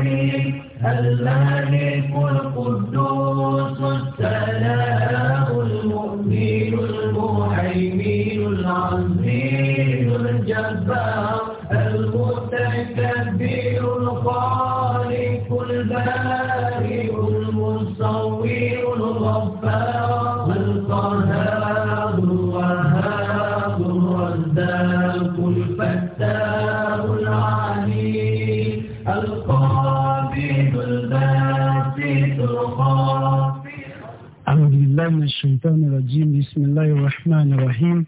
الرحيم الملك القدوس السلام الشيطان الرجيم بسم الله الرحمن الرحيم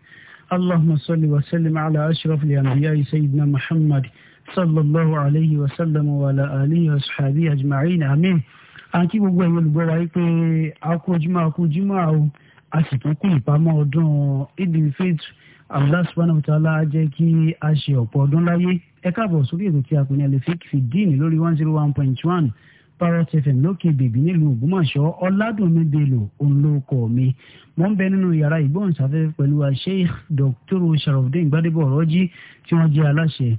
اللهم صل وسلم على أشرف الأنبياء سيدنا محمد صلى الله عليه وسلم وعلى آله وصحبه أجمعين آمين àǹkí gbogbo ẹ̀yin olùgbọ́ wa pé akójúmọ́ akójúmọ́ àwọn àsìkò ìpamọ́ ọdún idil faith Allah subhanahu wa ta'ala jẹ́ kí a ṣe ọ̀pọ̀ ọdún láyé ẹ káàbọ̀ sórí ètò tí a pè ní alifik fìdíìnì lórí one zero one point one parrot fm lókè bèbí nílùú ògbómọ̀ṣọ́ ọládùnmí bello òǹlòkọ mi mo ń bẹ nínú yàrá ìgbóhùnsáfẹ́fẹ́ pẹ̀lú sheikh dr sharafdin gbadebo ọ̀rọ̀jì tí wọ́n jẹ́ aláṣẹ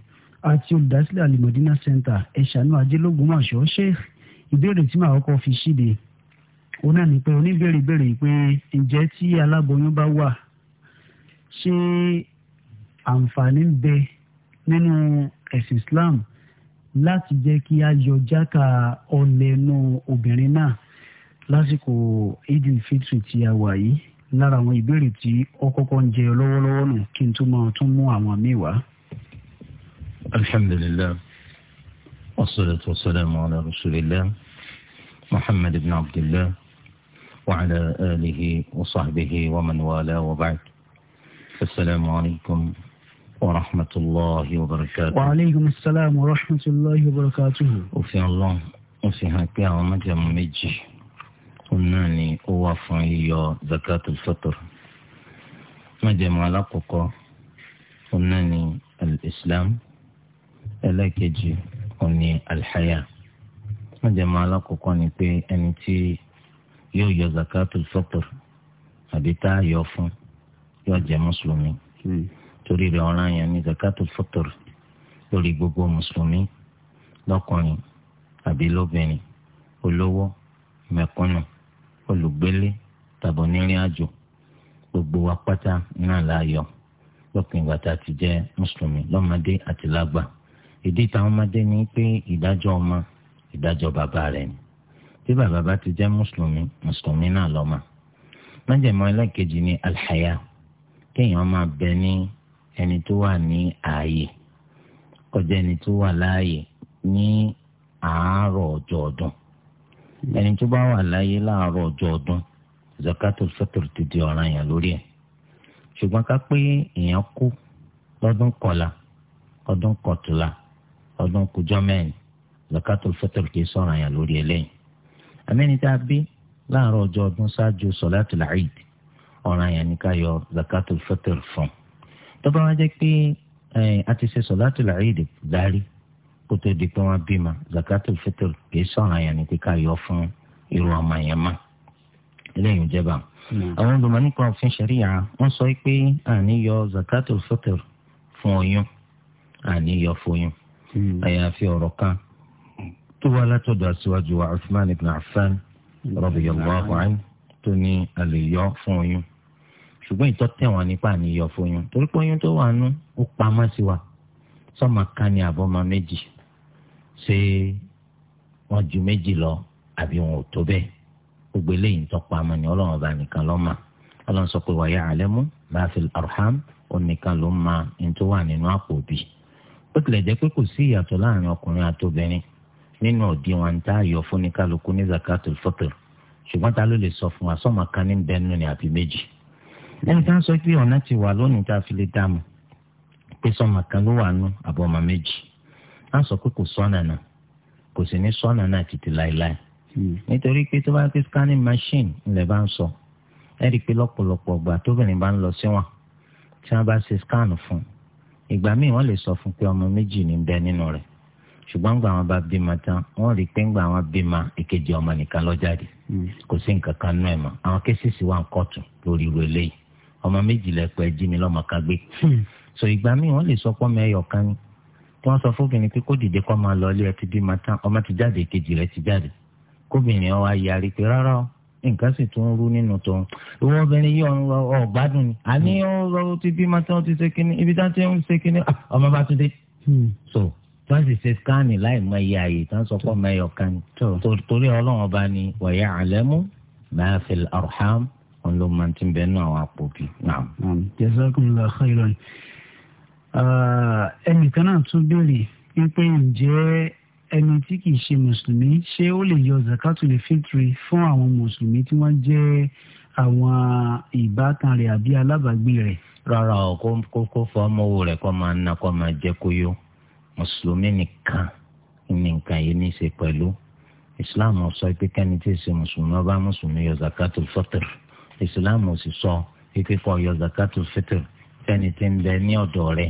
àti olùdásílẹ̀ alimọ̀dínà center ẹ̀ṣánú ajé lógbómọ̀ṣọ́ sheikh ìbéèrè tí màá kọ́ fi ṣíde òun náà ni pé oníbèrè béèrè pé ǹjẹ́ tí aláboyún bá wà ṣé àǹfààní ń bẹ nínú ẹ̀sìn islam láti jẹ́ kí a yọ jáka ọ̀lẹ́nu obìnrin náà lásìkò idil fitri tí a wà yìí lára àwọn ìbéèrè tí ó kọ́kọ́ ń jẹ lọ́wọ́lọ́wọ́ nù kí n tó máa tún mú àwọn míì wá. alhamdulilayi wassalatu wassalamu ala rasulillah muhammad ibn abdullah wa ala alihi wa sahbihi wa man wala wa ba'd. assalamu alaykum warahmatulahi wabarakatuh. wa aleykum salaam wa rahmatulahi wabarakatuh. òfin ọlọ́run ó fi hàn pé àwọn májàmú méjì òun náà ni ó wà fún yíyọ zakatul fitr májàmú alákọ̀ọ́kọ́ òun náà ni al-islam ẹlẹ́ẹ̀kejì òun ni al-haya májàmú alákọ̀ọ́kọ́ ni pé ẹni tí yóò yọ zakatul fitr àbí tá a yọ fún yóò jẹ́ mùsùlùmí. Mm torí rẹ̀ ọ̀ràn yẹn ní zakatul fitr lórí gbogbo mùsùlùmí lọ́kùnrin àbí lóbìnrin olówó mẹ̀kúnnù olùgbélé tàbí onírìn àjò gbogbo wa pátá náà láàyò lópin ìgbà tá a ti jẹ́ mùsùlùmí lọ́mọdé àti lágbà ìdí táwọn ọmọdé ní pé ìdájọ́ ọmọ ìdájọ́ bàbá rẹ̀ ni tí bàbá bá ti jẹ́ mùsùlùmí mùsùlùmí náà lọ́mọ májèmọ́ ẹlẹ́kejì ní alhaya kéèyàn máa bẹ ní ẹni tó wà ní ààyè kọjá ẹni tó wà láàyè ní àárọ̀ ọjọ́ ọdún hmm. ẹni tó bá wà láàyè láàárọ̀ ọjọ́ ọdún zakatul fitr ti di ọ̀ràn yẹn lórí ẹ̀ ṣùgbọ́n ká pé èèyàn kú lọ́dún kọlà ọdún kọtùlà ọdún kùjọ mẹ́rin zakatul fitr kì í sọ̀ràn yẹn lórí ẹ̀ lẹ́yìn àmẹ́ni tá a bí láàárọ̀ ọjọ́ ọdún ṣáájú sọ̀látùl Eid ọ̀ràn yẹn ni ká yọ zakatul fitr fún un tọ́ba wá jẹ́ pé a ti ṣe sọ̀látù làáyédè dárí kó tó di pé wọ́n bímọ zakatul fitr kìí sọ̀rọ̀ àyàn ní kíkà yọ fún irú ọmọ yẹn mọ́ eléyìí ń jẹba. àwọn olùmọ̀ nípa òfin ṣẹ̀ríyà wọ́n sọ pé àní yọ zakatul fitr fún oyún àní yọ fóyún hmm. àyàfi ọ̀rọ̀ kan tó wá látọ̀dọ̀ aṣíwájú wa Uthman ibn Affan hmm. radiyallahu anhu tó ní àlè yọ fún oyún ṣùgbọ́n ìtọ́ tẹ̀ nípa àníyàn fóyún torí pé tó wà nú ó pamọ́ sí wa sọ́mọ kan ní àbọ̀mọ méjì ṣé wọ́n ju méjì lọ àbí wọn ò tó bẹ́ẹ̀ gbogbo eléyìí ń tọ́pọ̀ àmọ́ ni ọlọ́run ọba nìkan ló mọ̀ ọlọ́run sọ pé wa ya'lamu ma fil arham òun nìkan ló mọ̀ ní tó wà nínú àpò òbí ó tilẹ̀ jẹ́ pé kò sí ìyàtọ̀ láàrin ọkùnrin àtobìnrin nínú òdi wọn tá a yọ fún ní kálukú ní zakatul fitr ṣùgbọ́n ta ló lè sọ fún wa sọ́mọ kan ní bẹ́ẹ̀ nù ní àbí méjì ẹni tá ń sọ pé ọ̀nà ti wà lónìí tá a fi lè dá mọ̀ pé sọmọ kan ló wà nù àbọ̀ ọmọ méjì á sọ pé kò sọ́nà náà kò sì ní sọ́nà náà títí láéláé hmm. nítorí pé tó bá pé scanning machine ńlẹ̀ bá ń sọ ẹ rí i pé lọ́pọ̀lọpọ̀ ọgbà tóbìnrin bá ń lọ síwọ̀n tí wọ́n bá ṣe scan fún ìgbà míì wọ́n lè sọ fún pé ọmọ méjì ní bẹ nínú rẹ̀ ṣùgbọ́n gbà wọn bá bímọ tán wọ́n rí i pé ńgbà wọn bímọ ìkejì ọmọ nìkan lọ jáde hmm. kò sí nǹkan kan nú ẹ̀ mọ́ àwọn kéṣìṣì wà ń kọ́ọ̀tù lórí irú eléyìí ọmọ méjì lẹ́pẹ́ jí mi lọ́mọ ká gbé. Hmm. so ìgbà míì wọ́n lè sọ pọ́ mi ẹyọ kan ni tí wọ́n sọ fóbìnrin pé kó dìde kó máa lọ ilé ẹ ti bí ma tán ọmọ ti jáde kejì rẹ ti jáde kóbìnrin ọwọ́ ayarí pé rárá o nǹkan sì tún rú nínú tòun ìwọ obìnrin yìí ọ̀run ọ̀gbádùn ni àní hmm. ọ̀rọ̀ ti bí ma tán ti ṣe kínní ibi tá ti ń ṣe kínní ah, ọmọ bá tún dé. Hmm. so wọ́n sì ṣe skáàni láì mọ iye àyè tán sọ pé mẹ́yọ̀ kan torí ọlọ́run ọba ni wọ̀nyí àlẹ́mú máa fil arham nìkan ló máa ti bẹ́ẹ̀ nù àwọn àpò bí. jazakumullah khairan ah, ẹnìkan náà tún béèrè wípé ǹjẹ́ ẹni tí kìí ṣe mùsùlùmí ṣé ó lè yọ zakatul fitri fún àwọn mùsùlùmí tí wọ́n jẹ́ àwọn ìbátan rẹ̀ àbí alábàágbé rẹ̀. rárá o kó kó fọ ọmọwò rẹ̀ kó máa ná kó máa jẹ kó mùsùlùmí nìkan ní yìí ní í ṣe pẹ̀lú islam sọ pé kẹ́ni tí ì ṣe mùsùlùmí ọba mùsùlùmí yọ zakatul fitri islam ò sì sọ pé kó yọ zakatul fitr fẹ́ni tí ń bẹ ní ọ̀dọ̀ rẹ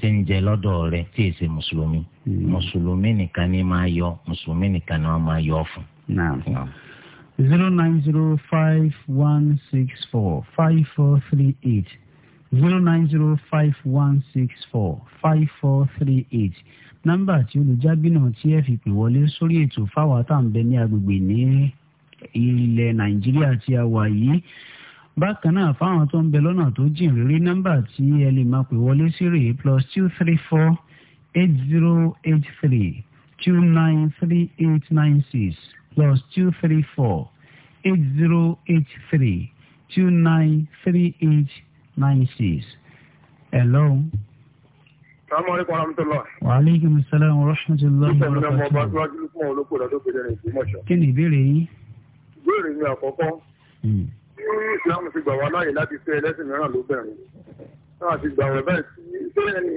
tí ń jẹ lọ́dọ̀ rẹ tí èsè mùsùlùmí hmm. mùsùlùmí nìkan ni máa yọ mùsùlùmí nìkan ni wọ́n máa yọ fún. zero nine zero five one six four five four three eight zero nine zero five one six four five four three eight nọ́mbà tí olùjábí náà tí ẹ fi pè wọlé sórí ètò fáwọn àtàǹbẹ ní agbègbè ní ilẹ̀ nàìjíríà tí a wà yìí bákan náà fáwọn tó ń bẹ lọ́nà tó jìn rírí nọ́mbà tí ẹ lè máa pè wọlé sí rèé plus two three four eight zero eight three two nine three eight nine six plus two three four eight zero eight three two nine three eight nine six. hello. Salaamaleykum warahmatullahi. Wa aleykum salaam wa rahmatullahi wa barakatuh. Kí ni ìbéèrè yín? ìbéèrè mi àkọ́kọ́ bí hmm. Islam ti gbà wá láàyè láti fẹ́ ẹlẹ́sìn mìíràn lóbìnrin náà ti gbà wẹ̀ bẹ́ẹ̀ sí ṣé ẹni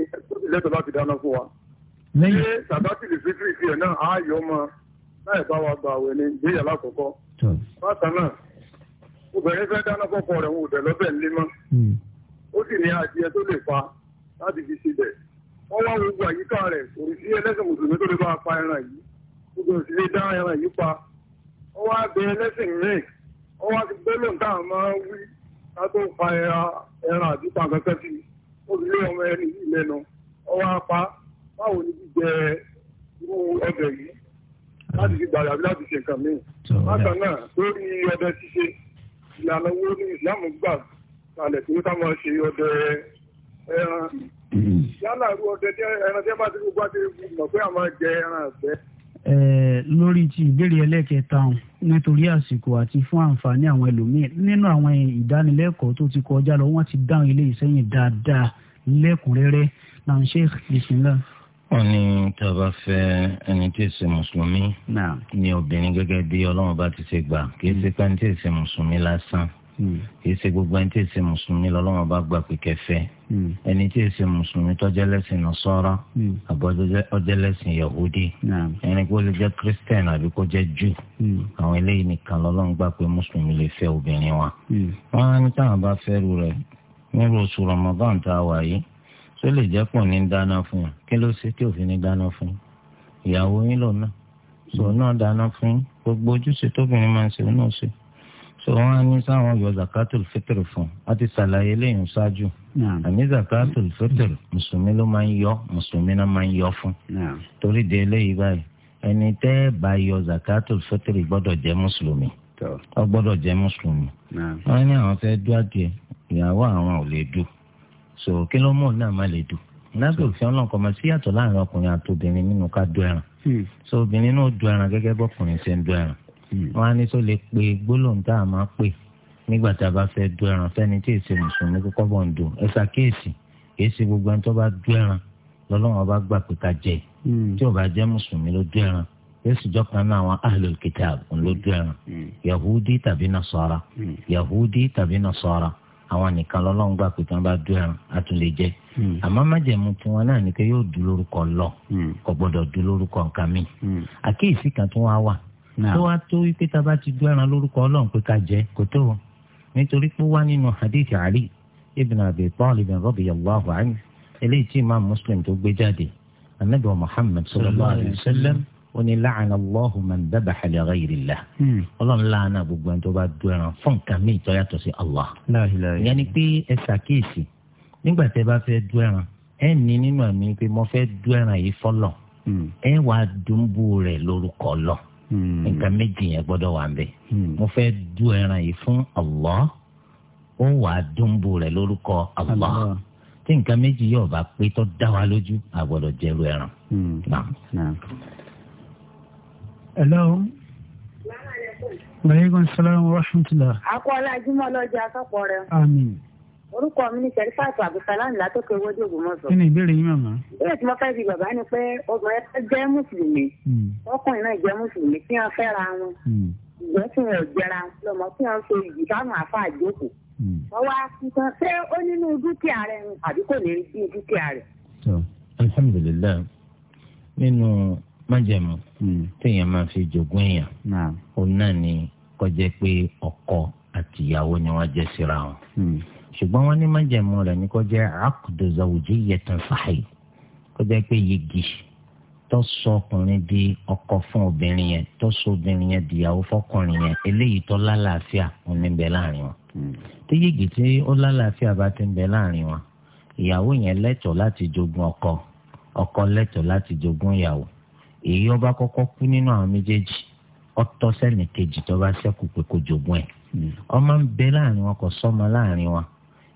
lẹ́tọ̀ọ́ láti dáná fún wa. ṣé sàbátì lè fitiri tiẹ̀ náà á yọ ọmọ láì bá wa gbà wẹ̀ ní ìgbéyà lákọ̀ọ́kọ́. bákan náà obìnrin fẹ́ dáná fọ́fọ́ rẹ̀ ń wò dẹ̀ lọ́bẹ̀ ńlẹ́ mọ́ hmm. ó sì ní adìẹ tó lè fa láti fi ṣe bẹ̀ wọ́n wá gbogbo àyíká rẹ̀ kò sí ẹlẹ́sìn mùsùlùmí tó lè bá a pa ẹran yìí gbogbo òsì ó wá bẹ ẹlẹ́sìn míì ó wá ti gbélé nǹkan máa ń wí ká tó fa ẹran àti pàǹkẹ́kẹ́ sí i ó fi lé ọmọ ẹni yìí lẹ́nu ó wá pa báwo ni jíjẹ irú ọbẹ̀ yìí láti fi gbàgbà láti ṣe nǹkan míì bákan náà lórí ọdẹ ṣíṣe ìlànà owó ní ìsìlámù gbà kalẹ̀ tó tá máa ṣe ọdẹ ẹran mm. yálà irú ọdẹ ẹran tí ẹ bá ti gbogbo àti mọ̀ pé àwọn jẹ ẹran àgbẹ̀. Eh, lórí ti ìbéèrè ẹlẹ́kẹta hàn nítorí àsìkò àti fún àǹfààní àwọn ẹlòmíín nínú àwọn ìdánilẹ́kọ̀ọ́ tó ti kọjá lọ wọ́n ti dáhùn ilé ìsẹ́yìn dáadáa lẹ́kùnrẹ́rẹ́ náà ṣe ìsinlẹ̀. wọ́n ní tá a bá fẹ́ ẹni tí ì ṣe mùsùlùmí ní obìnrin gẹ́gẹ́ bí ọlọ́run bá ti ṣe gbà kì í ṣe pé ẹni tí ì ṣe mùsùlùmí lásán Hmm. kì í ṣe gbogbo ẹni tí ì ṣe mùsùlùmí lọ́lọ́wọ́n bá gbà pé kẹfẹ́ hmm. ẹni tí ì ṣe mùsùlùmí tọ́jẹ́ lẹ́sìn Nasara hmm. àbọ̀jẹ́ lẹ́sìn Yahudi ẹni kó lè jẹ́ Christian àbí kó jẹ́ Jew àwọn eléyìí nìkan lọ́lọ́wọ́n gbà pé mùsùlùmí lè fẹ́ obìnrin wa. wọ́n á ní táwọn bá fẹ́rù rẹ̀ nírú oṣù Ramadan tá a wà yìí tó lè jẹ́ pọ̀ ní dáná fún yín kí ló ṣe tí òfin ní dáná fún yín ìyàwó yín lò náà sọ náà dáná fún yín gbogbo ojúṣe tóbìnrin máa ń ṣe náà ṣe tó wọn ní sáwọn yọ zakatul fitr fún a ti ṣàlàyé lẹ́yìn ṣáájú àmì zakatul fitr mùsùlùmí ló máa ń yọ mùsùlùmí náà máa ń yọ fún torí de eléyìí báyìí ẹni tẹ́ ẹ bá yọ zakatul fitr gbọ́dọ̀ jẹ́ mùsùlùmí ọ gbọ́dọ̀ jẹ́ mùsùlùmí wọn ní àwọn fẹ́ẹ́ dú adìẹ ìyàwó àwọn ò lè dù so kí ló mọ̀ náà má lè dù lábẹ́ òfin ọlọ́nkọ́ máa sí yàtọ̀ láàrin ọkùnrin àti obìnrin nínú ká du ẹran hmm. so obìnrin náà du ẹran gẹ́gẹ́ bọ́kùnrin ṣe ń du ẹran Hmm. wọn á ní tó lè pe gbólóhùn tá a máa pè nígbà tá a bá fẹ́ du ẹran fẹ́ni tí èsì mùsùlùmí kọ́kọ́ bọ̀ ń dùn ẹ ṣàkíyèsí èsì gbogbo ẹni tó bá du ẹran lọ́lọ́wọ́n bá gbà pé ká jẹ hmm. tí ò bá jẹ́ mùsùlùmí ló du ẹran yéésù jọ́kan náà àwọn ahlul kitab ló du ẹran hmm. yahudi tàbí nasara yahudi tàbí nasara àwọn nìkan lọ́lọ́wọ́n gbà pé ká bá du ẹran á tún lè jẹ àmọ́ májẹ̀mú tiwọn náà ni pé yóò du lórúkọ lọ kò gbọ́dọ̀ du lórúkọ nǹkan mi àkíyèsí kan tún wá wà tó wá tó wípé tá a bá ti dú ẹran lórúkọ ọlọ́run pé ká jẹ kò tó wọn nítorí pé wá nínú hadith ali ibn abi talib radiyallahu anhu eléyìí tí imam muslim tó gbé jáde anabi wa muhammad sallallahu alayhi wa sallam ó ní la'ana allahu man dabaha li ghayri allah hmm. ọlọ́run láàánà gbogbo ẹni tó bá dú ẹran fún nǹkan míì tó yàtọ̀ sí allah ìyẹn ni pé ẹ ṣàkíyèsí nígbà tẹ bá fẹ́ dú ẹran ẹ ní nínú ẹ̀mí pé mo fẹ́ dú ẹran yìí fọlọ hmm. ẹ wàá dùnbù rẹ lórúkọ lọ. Hmm. nǹkan méjì yẹn gbọ́dọ̀ wà nbẹ hmm. mo fẹ́ du ẹran yìí fún Allah ó wà á dúnbò rẹ lórúkọ Allah tí nǹkan méjì yóò bá pé tó dá wa lójú a gbọ́dọ̀ jẹrú ẹran. Hmm. hello. maaleykum salaam wa rahmatulah. akọ alájùmọ̀ lọ́jà sọ̀pọ̀ rẹ orúkọ mi ni sẹrífàtì abdulsalam látòkè owó dìgbò mọ sọ. kí ni ìbéèrè yín màmá. ìbéèrè tí mo fẹ́ bi bàbá ni pé obìnrin tó jẹ́ mùsùlùmí hmm. ọkùnrin náà jẹ́ mùsùlùmí tí wọ́n fẹ́ra wọn hmm. ìgbẹ́ tí wọ́n jẹra lọ́mọ tí wọ́n ṣe ìjì táwọn àfa àjókòó. Hmm. wọ́n wá sísan ṣé ó nínú dúkìá rẹ̀ ni àbí kò ní bí dúkìá rẹ̀. alhamdulilayi nínú májẹ̀mú téèyàn máa fi jogún èèyàn òun náà ni kọjá pé ọkọ àtìyàwó ni wọ́n jẹ́ síra wọn ṣùgbọ́n wọ́n ní májẹ̀mú rẹ̀ ní kó jẹ́ aqdu zawjiyyatan sahih kó jẹ́ pé yegi tó sọ ọkùnrin di ọkọ fún obìnrin yẹn tó sọ obìnrin yẹn dìyàwó fọkùnrin yẹn eléyìí tó lálàáfíà òun bẹ láàrin wọn. Hmm. tí yegi tí ó lálàáfíà bá ti ń bẹ láàrin wọn ìyàwó yẹn lẹ́tọ̀ọ́ láti jogún ọkọ ọkọ lẹ́tọ̀ọ́ láti jogún ìyàwó èyí ọba kọ́kọ́ kú nínú àwọn méjèèjì ọtọ́ sẹ́nìkejì tó bá ṣẹ́kù pé kó jogún ẹ̀ ọmọ hmm. ń bẹ láàrin wọn kò sọ́mọ láàrin wọn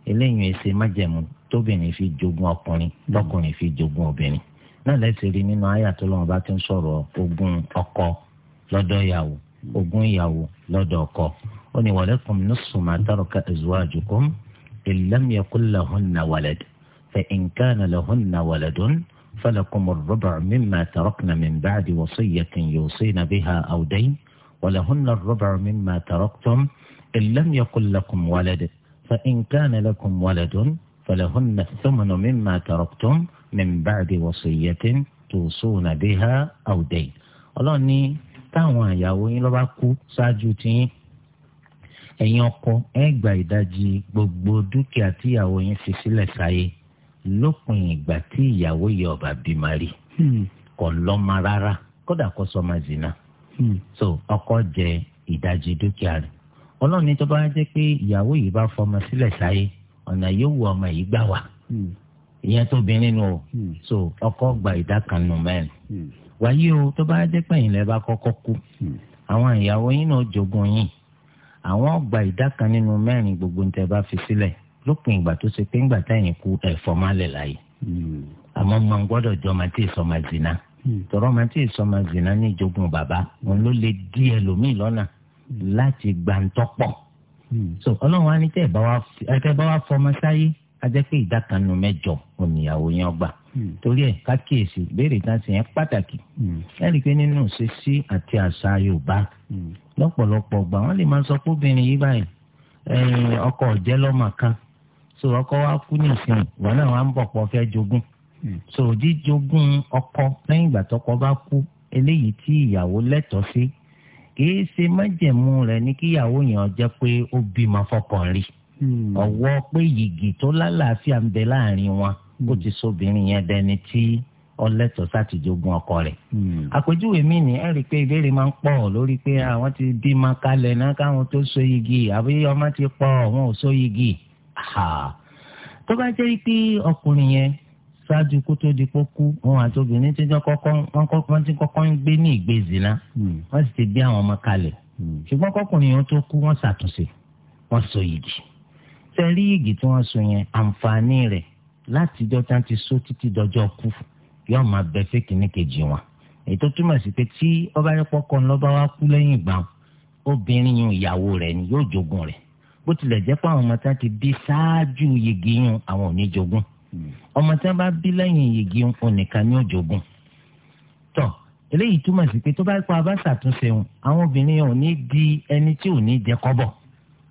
eléyìí ẹsẹ májẹ̀mú tóbìnrin fi jogún ọkùnrin hmm. lọ́kùnrin fi jogún obìnrin náà lẹ́sẹ̀ rí nínú àyà tó lọ́wọ́ bá ti ń sọ̀rọ̀ ogún ọkọ lọ́dọ̀ ìyàwó hmm. ogún ìyàwó lọ́dọ̀ ọkọ ó ní walakum nisfu ma taraka azwajukum illam yakun lahunna walad fa in kana lahunna waladun فلكم الربع مما تركنا من بعد وصية يوصين بها أو دين ولهن الربع مما تركتم إن لم يكن لكم ولد فإن كان لكم ولد فلهن الثمن مما تركتم من بعد وصية توصون بها أو دين Ọlọ́run ní táwọn ìyàwó yín ló bá kú ṣáájú tiyín ẹ̀yin ọkọ ẹ gba ìdajì gbogbo dúkìá tí ìyàwó yín fi sílẹ̀ sáyé lópin ìgbà tí ìyàwó yìí ọba bímọ rí hmm. kò lọ́mọ rárá kódà kó sọmọ zina hmm. so ọkọ jẹ ìdajì dúkìá rẹ̀ ọlọ́run ní tó bá jẹ́ pé ìyàwó yìí bá fọmọ sílẹ̀ sáyé ọ̀nà yóò wọ ọmọ yìí gbà wá hmm. ìyẹn tó obìnrin nù o hmm. so ọkọ gba ìdá kan nù mẹ́rin hmm. wáyé o tó bá jẹ́ pé ìyìnlẹ̀ bá kọ́kọ́ kú àwọn ìyàwó yín náà jogún yín àwọn gba ìdá kan nínú mẹ́rin gbogbo ní tẹ́ bá fi sílẹ̀ lópin ìgbà tó ṣe pé ńgbà táyìn kú ẹ̀fọ́ má lẹ̀ láyé àmọ́ mo gbọ́dọ̀ jọ ọmọ tí ìsọmọ zina tọrọ ọmọ tí ìsọmọ zina ní ìjogún bàbá òun ló lè dí ẹlòmíì lọ́nà láti gbàǹtọ́ pọ̀ hmm. so ọlọ́run á ní tẹ́ ẹ bá wa fọmọ sáyé a jẹ́ pé ìdá kan nu mẹ́jọ òníyàwó yẹn ọgbà hmm. torí ẹ kákíyèsí béèrè kan sì yẹn pàtàkì hmm. ẹ rí i pé nínú ṣíṣí àti àṣà Yorùbá lọ́pọ̀lọpọ̀ gbà wọ́n lè máa sọ pé obìnrin yìí báyìí eh, ọkọ ọ̀jẹ́ lọ́mọ kan so ọkọ wa kú ní ìsìn wọn náà wà ń bọ̀ pọ̀ fẹ́ jogún so jíjogún ọkọ lẹ́yìn ìgbà tọkọ bá kú eléyìí tí ìyàwó lẹ́tọ̀ọ́ sí kìí ṣe májẹ̀mú rẹ̀ ní kíyàwó yẹn jẹ́ pé ó bímọ fọkàn rí hmm. ọwọ́ pé yìgì tó lálàáfíà ń bẹ láàrin wọn ó hmm. ti sóbìnrin yẹn dẹni tí ọlẹ́tọ̀ sátìjogún ọkọ rẹ̀. Hmm. àpèjúwe mi ni ẹ rí i pé ìbéèrè máa ń pọ̀ lórí pé àwọn ti bímọ kalẹ̀ náà káwọn tó so yìgì àbí ọmọ ti pọ̀ wọn ò so yìgì. tó bá jẹ́ pé ọkùnrin yẹn ṣáájú kó tó di pókú òun àti obìnrin tí wọ́n ti kọ́kọ́ ń gbé ní ìgbé zina hmm. wọ́n sì ti bí àwọn ọmọ kalẹ̀ hmm. ṣùgbọ́n kọkùnrin yẹn tó kú wọ́n ṣàtúnṣe wọ́n so yìgì tẹ́rí yìgì tí wọ́n so yẹn àǹfààní rẹ̀ látijọ́ tá ti so títí dọjọ́ kú yóò máa bẹ fẹ́kì ní kejì wọn èyí tó túmọ̀ sí pé tí ọba yẹn pọ́kọ́ ńlọ́ba wá kú lẹ́yìn ìgbà obìnrin yìí ìyàwó rẹ̀ ni yóò jogún rẹ̀ bó tilẹ̀ jẹ́ pé àwọn ọmọ tá ti bí ṣáájú yìgì yìí àwọn ò ní jogún ọmọ tí wọn bá bí lẹ́yìn yìgì ònìkan ní òjògùn tọ eléyìí túmọ̀ sí pé tó bá pa bá ṣàtúnṣe wọn àwọn obìnrin yẹn ò ní di ẹni tí ò ní jẹ kọ́bọ̀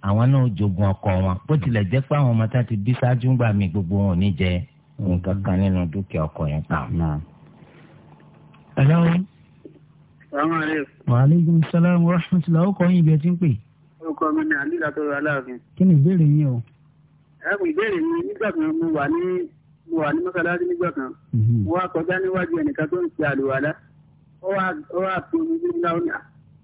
àwọn náà jogún ọkọ wọn bó tilẹ̀ jẹ́ pé àwọn ọmọ tá ti bí ṣáájú ń gbà mí gbogbo wọn ò ní jẹ nǹkan kan nínú dúkìá ọkọ yẹn pa. ẹ̀lọ́ wa aleykum salaam wa rahmatulah ọkọ yín ibi ti ń pè. ọkọ mi ni alila ẹkùn ìbéèrè mi nígbà kan mo wà ní mo wà ní mọ́sálásí nígbà kan mhm. mo wá kọjá níwájú ẹnìkan tó ń ṣe àlùwàlá ó wá fi omi sí láwọn ní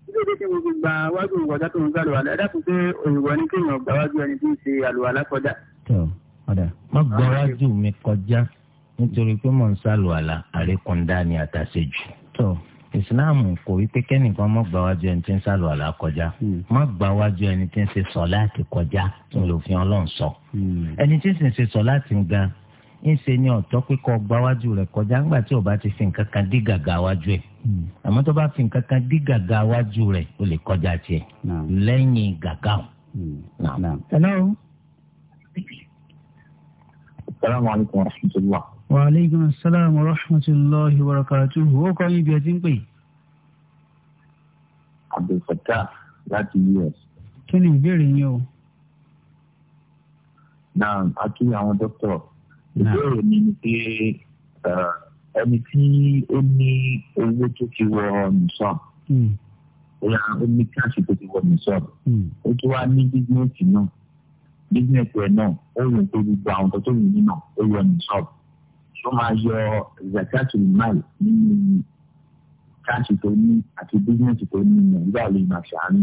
ilé tí mo fi gba wájú ìwọ̀dá tó ń gbà àlùwàlá ẹ dákun pé òyìnbó ni kéèyàn gbà wájú ẹni tí ń ṣe àlùwàlá kọjá. ọ̀dà má gba ah, wájú mi kọjá nítorí pé mò ń ṣàlùwàlá àríkúndá ni àtàṣejù islam kò wípé kẹ́nìkan mọ́ gbà wájú ẹni tí ń sálọ àlá kọjá mọ́ hmm. gbà wájú ẹni tí ń ṣe sọ̀láàtì kọjá tó ń lò fi ọlọ́run sọ. Hmm. ẹni tí ń sì ń ṣe sọ̀láàtì gan ń ṣe ní ọ̀tọ́ pípọ̀ gbà wájú rẹ̀ kọjá ńgbà tí ó bá ti fi nǹkan kan dí gàgà wájú ẹ̀ hmm. àmọ́ tó bá fi nǹkan kan dí gàgà wájú rẹ̀ ó lè kọjá tiẹ̀ lẹ́yìn gàgà o. Hello. Assalamu wa aleykum salaam wa rahmatulahi wa barakatuhu ó kọ́ yín bí ẹ ti ń pè. abdulfatah láti us. kí ni ìbéèrè yín o. náà a kí àwọn dókítà ìbéèrè mi ni pé ẹni tí ó ní owó tó ti wọ nìṣàn hmm. bóyá ó ní káàsì tó ti wọ nìṣàn hmm. ó tún wá ní bísíǹsì náà bísíǹsì ẹ̀ náà ó yẹ kó gbogbo àwọn tó tó yẹ nínú ó wọ nìṣàn tó máa yọ zakatu mal nínú káàsì tó ní àti bísíǹsì tó ní ìmọ̀ nígbà lè máa ṣàánú.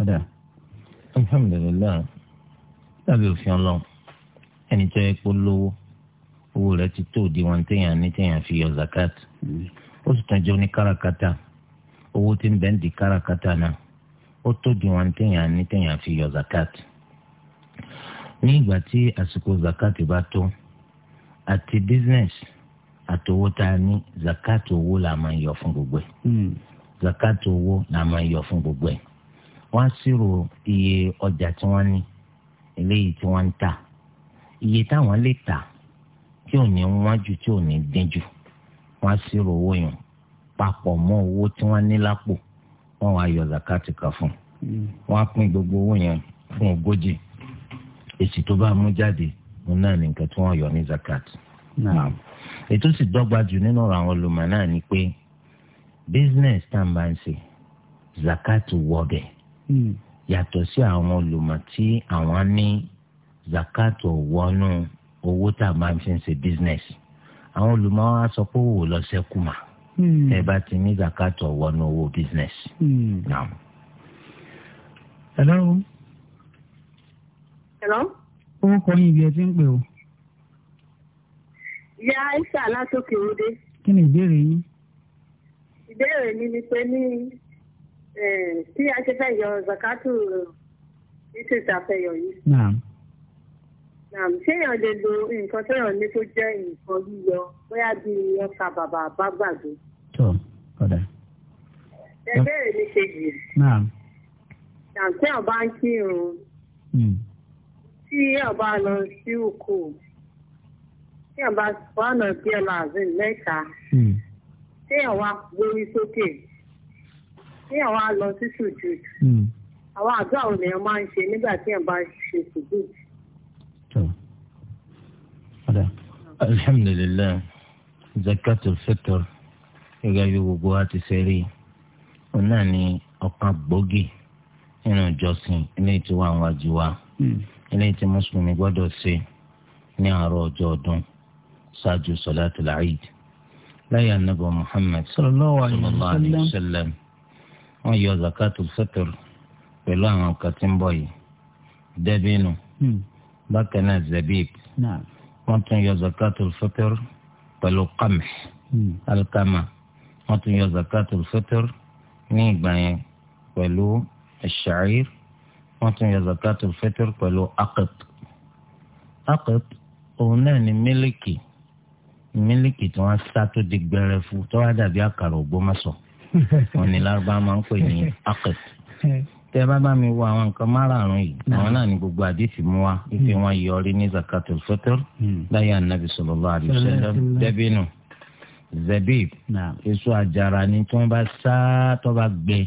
ọ̀dà alhamdulilayi lábẹ́ òfin ọlọ́run ẹni tó yẹ kó lówó owó rẹ̀ ti tó òdiwọ̀n téèyàn ní téèyàn fi yọ zakat ó sì tún jẹ́ oní kárakáta owó tí ń bẹ ń di kárakáta náà ó tó òdiwọ̀n téèyàn ní téèyàn fi yọ zakat ní ìgbà tí àsìkò zakat bá tó àti business àtòwó tá a ní zakat owó la máa ń yọ fún gbogbo ẹ̀ hmm. zakat owó la máa ń yọ fún gbogbo ẹ̀ wọ́n á ṣírò iye ọjà tí wọ́n ní eléyìí tí wọ́n ń tà iye táwọn lè tà tí ò ní wọ́n jù tí ò ní dín jù wọ́n á owó yẹn papọ̀ mọ́ owó tí wọ́n ní lápò wọ́n wá yọ zakat kan fún un hmm. pín gbogbo owó yẹn fún ogójì èsì tó bá mú jáde òun náà ní nǹkan tí wọ́n yọ ní zakat. ètò sì dọ́gba jù nínú ọ̀rọ̀ àwọn olùmọ̀ náà ni pé business tá n bá ń ṣe zakat wọ bẹ̀ hmm. yàtọ̀ sí àwọn olùmọ̀ tí àwọn ní zakat wọnú owó tá a máa fi ń ṣe business àwọn olùmọ̀ wa sọ pé òwò lọ sẹ́kù hmm. ẹ bá ti ní zakat wọnú owó business. Hmm. Hello. Hello ó yín ibi ẹ ti ń pè o. ìyá aisha látòkè òde. kí ni ìbéèrè yín. ìbéèrè mi ni pé ní tí a ṣe fẹ́ yọ zakatu ìṣèṣà fẹ́ yọ yìí. Nàám ṣéyàn lè lo nǹkan téèyàn ní tó jẹ́ nǹkan yíyọ bóyá bíi ọkà bàbà bá gbàgbé. Tó ọ̀dà. Ẹgbẹ́ rẹ̀ ní kejì. Nàám. Nàám téèyàn bá ń kírun. Hmm tí àbá lọ sí oko tí àbá fọ́nà bí ẹ máa mẹ́ta hmm. tí àwa gbórí sókè tí àwa lọ sí sùjù hmm. àwọn àdúrà ò lèèyàn máa ń ṣe nígbà tí àbá ṣe sùjù. alhamdulilayi zakatul fitr gẹ́gẹ́ gbogbo wa ti ṣe ni ọ̀kan gbòógì nínú ìjọsìn ní ìtura àwọn àjùwà. Mm eléyìí tí mùsùlùmí gbọ́dọ̀ ṣe ní àárọ̀ ọjọ́ ọdún ṣáájú sọ̀láàtì làáyid láyé anábọ muhammed sallallahu alayhi wa sallam wọ́n yọ zakatul fitr pẹ̀lú àwọn kan tí ń bọ̀ yìí dẹbìnú hmm. bákan náà zabib wọ́n tún yọ zakatul fitr pẹ̀lú qamh hmm. alikama wọ́n tún yọ zakatul fitr ní ìgbà yẹn pẹ̀lú ẹ̀ṣáír wọ́n tún yọ zakatul fitr pẹ̀lú akit akit òun náà ni mílíkì mílíkì tí wọ́n sá tó di gbẹrẹfu tó wá dàbí àkàrà ògbómọ̀ṣọ́ wọ́n ní lárúbáwá máa ń pè ní akit tẹ bá bá mi wo àwọn nǹkan márààrún yìí àwọn náà ni gbogbo àdìsí mú wa ife wọn yọrí ní zakatul fitr hmm. láyé anabi sallallahu alaihi wasallam dẹbìnú zebib èso àjàrà ni tí wọ́n bá sá tó bá gbẹ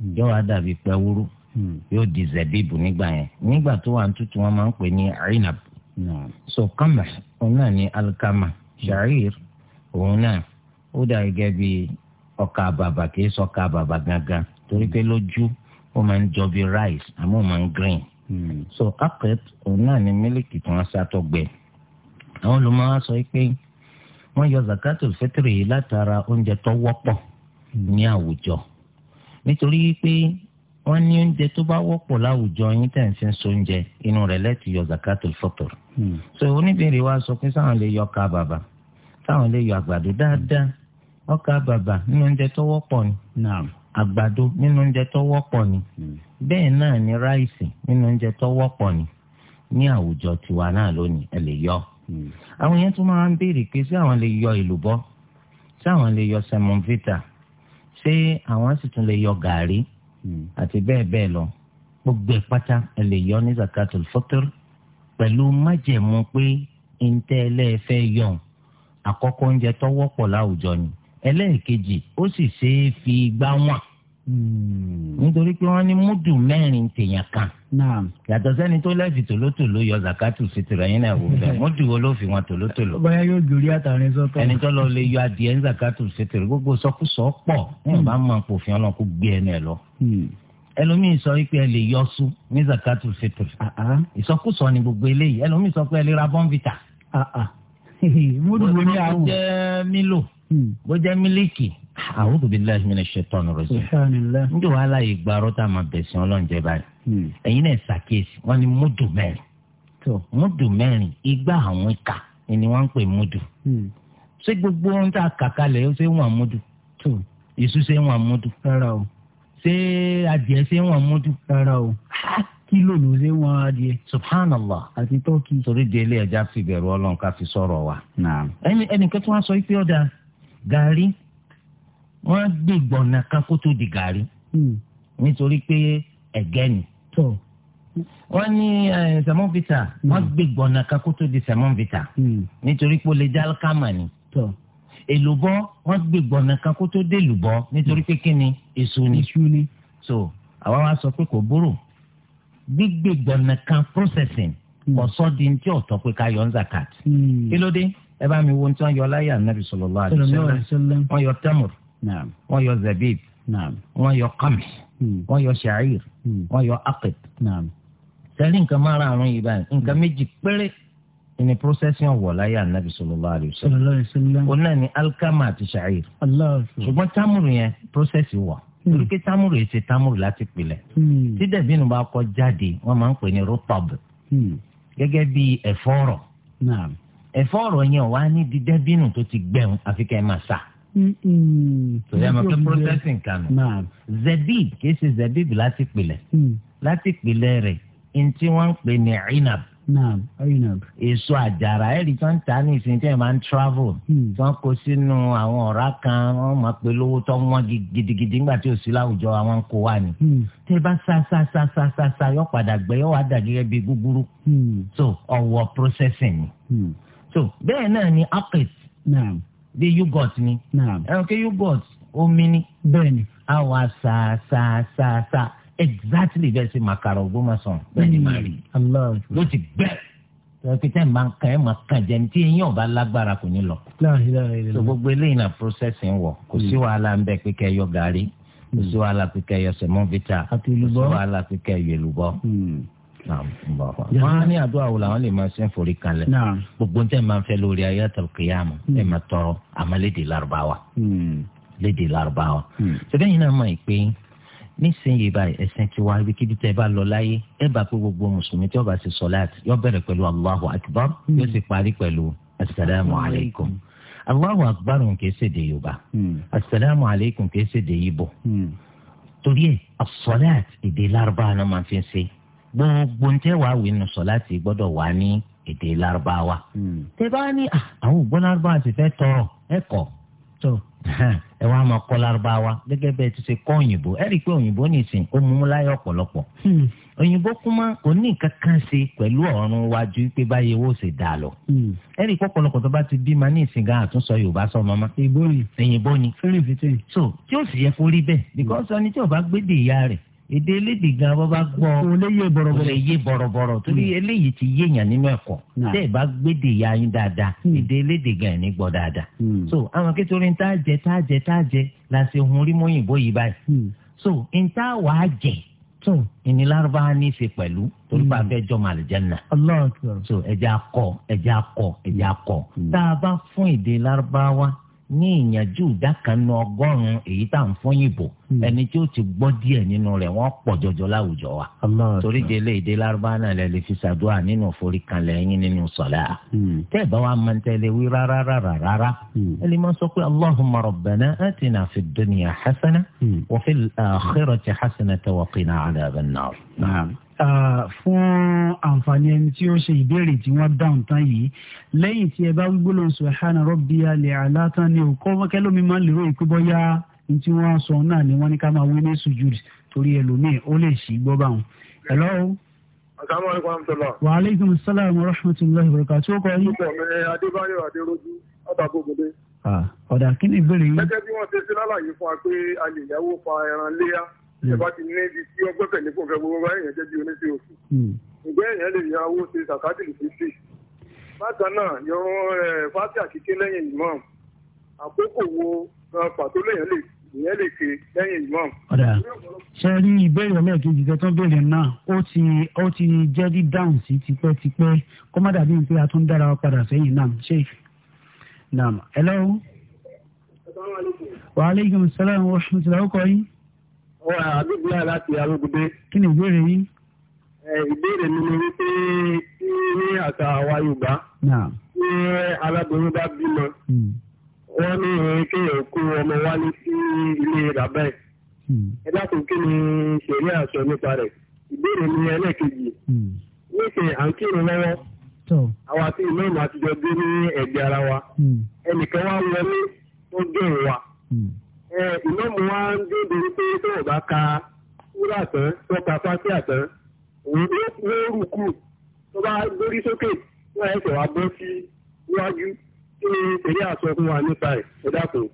hmm. yóò yóò di zabibu nígbà yẹn nígbà tó wà tútù wọn máa ń pè ní arinab so kama òun náà ní alikama sharir òun náà ó dà gẹ́gẹ́ bí ọkà bàbà kìí sọkà bàbà gangan torí pé lójú ó máa ń jọ bí rice àmọ́ máa ń green hmm. so akret òun náà ní mílíkì tí wọ́n ṣàtọ̀gbẹ àwọn olùmọ̀ wa sọ pé wọ́n yọ zakatul fitri yìí látara oúnjẹ tó wọ́pọ̀ hmm. ní àwùjọ nítorí pé wọ́n ní oúnjẹ tó bá wọ́pọ̀ láwùjọ yín tẹ̀ ń fi ń so oúnjẹ inú rẹ̀ lẹ́tì yọ zakatul fitr. Hmm. so oníbèrè wa sọ pé sáwọn lè yọ ọkà bàbà sáwọn lè yọ àgbàdo dáadáa ọkà bàbà nínú oúnjẹ tó wọ́pọ̀ ni àgbàdo nínú oúnjẹ tó wọ́pọ̀ ni hmm. bẹ́ẹ̀ náà ni ráìsì nínú oúnjẹ tó wọ́pọ̀ ni ní àwùjọ tiwa náà lónìí ẹ lè yọ. Hmm. àwọn yẹn tún máa ń béèrè pé sáwọn lè yọ èlùbọ́ sáwọn lè yọ semovita ṣé àwọn sì tún lè yọ gàrí àti bẹ́ẹ̀ bẹ́ẹ̀ lọ gbogbo ẹ̀ pátá ẹ lè yọ ní zakatul fitr pẹ̀lú májẹ̀mú pé ntẹ́ ẹlẹ́ẹ̀fẹ́ yọ̀n àkọ́kọ́ oúnjẹ tó láwùjọ ni ẹlẹ́ẹ̀kejì ó sì ṣeé fi gbá wọn Hmm. nítorí pé wọ́n ní múdù mẹ́rin tèèyàn kan yàtọ̀ sẹ́ni tó lẹ́ẹ̀fì tòlótòló yọ zakatu fitiri ẹ̀yin náà wò fẹ́ múdù wo ló fi wọn tòlótòló. bóyá yóò jòrí àtàrin sọ́tọ̀. ẹni tó lọ lè yọ adìẹ ń zakatu fitiri gbogbo sọkúsọ pọ̀ wọn hmm. bá máa pòfin ọlọ́run kó gbé ẹnu ẹ lọ. Hmm. ẹlòmíì sọ pé ẹ lè yọ su ní zakatu fitiri ah, ah. ìsọkúsọ ni gbogbo eléyìí ẹlòmíì sọ pé ẹ lè ra bọ́ǹvìtà. Ah, múdù wo ni àwọn. Hmm. bọ́jà mílíkì láàyè tá a máa báyìí hmm. ẹ̀yin náà ṣàkíyèsí wọ́n ní múdù mẹ́rin múdù mẹ́rin igbá àwọn ìka ni wọ́n ń pè múdù hmm. ṣé gbogbo ohun tá a kà kalẹ̀ ó ṣe ń wà múdù èso ṣe ń wà múdù ṣé adìẹ ṣe ń múdù ló ṣe ń adìẹ. subhanallah àti tọ́kì. torí ẹja ọlọ́run ká fi sọ̀rọ̀ wa. ẹnì Gari, wọ́n gbé gbọ̀nà kan kó tó di gari, hmm. nítorí pé ẹ̀gẹ́ ni wọ́n ní sẹ̀mọ́nvita hmm. wọ́n gbé gbọ̀nà kan kó tó di sẹ̀mọ́nvita hmm. nítorí pé ó lè ni èlùbọ́ wọ́n gbé gbọ̀nà kan kó tó dé èlùbọ́ nítorí pé kí ni èso ni so àwa wá sọ pé kò búrò gbígbé gbọ̀nà kan processing ọ̀sọ́ di ní tí ọ̀tọ̀ pé ká yọ ń zakat kí ló dé ẹ bá mi wo tí wọ́n yọ láyé ànábì sallallahu alaihi wasallam wọ́n yọ tamur wọ́n yọ zabib wọ́n yọ qamh hmm. wọ́n yọ sha'ir hmm. wọ́n yọ aqid. sẹ́lí nǹkan máa ra àrùn yìí báyìí nǹkan méjì péré ni procession wọ̀ láyé ànábì sallallahu alaihi wasallam. òun náà ni alkama àti sha'ir. ṣùgbọ́n tamur yẹn process wọ̀ hmm. olùkí tamuru yìí ṣe tamuru láti pilẹ̀ tí dẹ̀bínú bá kọ jáde wọ́n máa ń pè ní rotab gẹ́gẹ́ bí ẹ̀fọ́rọ̀ ẹ̀fọ́ ọ̀rọ̀ yẹn wà ní dídẹ́ bínú tó ti gbẹ̀hún àfi kẹ́ ẹ máa sà. tòlẹ́ mọ̀ pé processing kanu zebib kì í ṣe zebib láti pìlẹ̀ mm. láti pìlẹ̀ rẹ̀ ní wọ́n ń pè ní inab naam inab. èso àjàrà ẹ̀rí tó ń ta ní ìsìn tí ẹ̀ máa ń travel. Mm. tó ń kó sínú àwọn ọ̀rá kan wọ́n máa pe lówó tó ń wọ́n gidigidi nígbà tí ò sí láwùjọ àwọn kò wà ní. Mm. tẹ́ bá sá sá sá sá sá sá yọ padà gbẹ yọ wá dà gẹ́gẹ́ bí gúgúrú. so ọ̀wọ́ processing ni. Hmm. so bẹ́ẹ̀ náà ni akis bí yogurt ni ẹ̀rọ kí yogurt omi ni bẹ́ẹ̀ ni a saa saa exactly bẹ́ẹ̀ sí makara Ògbómọ̀ṣọ́ bẹ́ẹ̀ ni màá rí mm. ló ti bẹ́ẹ̀ tọ́kítẹ́ máa ń kan ẹ̀ máa jẹ́ ní tí eyín so gbogbo eléyìí na processing wọ̀ kò sí mm. wàhálà ń bẹ pé yọ gàrí kò sí mm. wàhálà wọ́n á ní àdúrà wo làwọn lè máa ṣe ń forí kalẹ̀ gbogbo ń tẹ́ máa ń fẹ́ lórí ayatul qiyama ẹ̀ máa tọrọ àmọ́ léde lárúbáwá hmm. léde lárúbáwá hmm. ṣẹ́bẹ́ yìí náà mọ̀ ẹ́ pé nísìnyí báyìí ẹ̀sìn tiwa ibikíbi tẹ́ ẹ bá lọ láyé ẹ bá pé gbogbo mùsùlùmí tí ó bá ṣe sọláàtì yóò bẹ̀rẹ̀ pẹ̀lú Allahu akbar yóò hmm. sì parí pẹ̀lú asalaamu alaykum Allahu akbar kìí ṣèdè Yorùbá asalaamu alaykum kìí ṣèdè Ìgbò torí ẹ asọláàtì èdè lárúbáwá náà máa fi ń ṣe gbogbo ń tẹ́ wàá wí nù sọ láti gbọ́dọ̀ wà ní èdè lárúbáwá. Hmm. tẹ bá ní àwọn ògbó lárúbáwá ti fẹ́ tọrọ ẹ̀kọ́ tó ẹ wàá máa kọ́ lárúbáwá gẹ́gẹ́ bẹ́ẹ̀ ti ṣe kọ́ òyìnbó ẹ rí i pé òyìnbó nìsín ó mú láyé ọ̀pọ̀lọpọ̀ hmm. òyìnbó kúmá kò ní nǹkan kan ṣe pẹ̀lú ọ̀run wájú pé báyìí owó ṣe dà lọ. Hmm. ẹ rí i pé ọ̀pọ̀lọpọ̀ tó bá ti bí ma ní ìsìn gan àtúnṣọ yorùbá sọ mọ́mọ́. ìbò ni ìyìnbó ni. so tí ó sì yẹ kó rí bẹ́ẹ̀ èdè elédè gan bó bá gbọ́ kò lè yé bọ̀rọ̀bọ̀rọ̀ kò lè yé bọ̀rọ̀bọ̀rọ̀ torí hmm. eléyìí ti yéèyàn nínú ẹ̀kọ́ tẹ́ ẹ̀ bá gbédè ya yín dáadáa hmm. èdè elédè gan ẹ̀ gbọ́ dáadáa hmm. so àwọn akétorí tá a jẹ tá a jẹ tá a jẹ la ṣe hun rí mọ́yìnbó yìí báyìí so n a wà á jẹ ìnilára ní í ṣe pẹ̀lú torí bá a fẹ́ jọ màlì jẹ́nà so ẹ̀jẹ̀ akọ ẹ̀jẹ̀ akọ ẹ̀jẹ̀ akọ tá a bá fún èdè lárúbáwá ní ìyànjú ìdá kan nu ọgọ́rùn-ún èyí tá à ń fún yìnbó hmm. ẹni tí ó ti gbọ́ díẹ̀ nínú rẹ̀ wọ́n pọ̀ jọjọ láwùjọ wa torí de ilé èdè lárúbáwá náà lè lè fi ṣàdúrà nínú ìforíkanlẹ̀ ẹ̀yìn nínú sọ̀lá hmm. tẹ́ ẹ̀ bá wa máa ń tẹ́lẹ̀ wí rárá rárá rárá hmm. ẹ lè máa sọ pé allahumma rabbana atina fid dunya hasana wa fil akhirati hasanatan wa qina adhaban nar fún àǹfààní ẹni tí ó ṣe ìbéèrè tí wọ́n dáhùn tán yìí lẹ́yìn tí ẹ bá wí gbólóhùn subhana rabbiyal a'la tán ni òkọ́ kẹlómi máa ń lérò ìpé bọ́yá ní tí wọ́n sọ náà ni wọ́n ní ká máa wí ní sùjúd torí ẹlòmíì ó lè ṣì gbọ́ bá wọn. hello. asalaamualeykum amtala. wa aleykum salaam wa rahmatulahi wa barakatuh. ó kọ yín. adébáyọ̀ adéròjú ọ̀tàgbọ̀gbọ̀dé. ọ̀dà kí ni ìbéèrè yín. gẹ́gẹ́ bí wọ́n ṣe ṣe lálàyé wa pé Hmm. ẹ̀bá ti ní ibi tí ó gbẹ́kẹ̀ ní fún gbogbo ọba èèyàn jẹ́ bí oníṣẹ́ oṣù hmm. ǹgbẹ́ èèyàn lè yan owó ṣe sàkátìlì fífi bákan náà yan fásitì àkíké lẹ́yìn imam àkókò wo pàtó lèèyàn lè ìyẹn lè ṣe lẹ́yìn imam. ọ̀dà ṣe rí ìbéèrè lẹ́ẹ̀kejì tó tó béèrè náà ó ti ó ti jẹ́ dídáhùn sí tipẹ́tipẹ́ kọ́mọ́dà bíi pé a tún dára padà sẹ́yìn náà ṣe naam hello. wa aleykum salaam wa rahmatulah ọkọ yín. àdúgbò láti arúgbó. kí ni ìbéèrè yín. ìbéèrè mi ni wípé ní àṣà àwa Yorùbá ní aláboyún bá bímọ hmm. wọ́n ní kéèyàn ọmọ wálé sí ilé bàbá ẹ̀ hmm. ẹ dákun kí ni ṣẹ̀rí àṣọ nípa rẹ̀ ìbéèrè mi ẹlẹ́ẹ̀kejì hmm. à ń kírun lọ́wọ́ àwa àtijọ́ gbé ní ẹ̀gbẹ́ ara wa ẹnìkan ìmọ̀mù wa ń dédé pé tó o bá ka wúrà tán tó ka fásitì àtàn òun ló rúkú tó bá lórí sókè nígbà ẹsẹ̀ wa bọ́ sí níwájú kí ni eré àsọ fún wa nípa ẹ̀ ẹ dákun.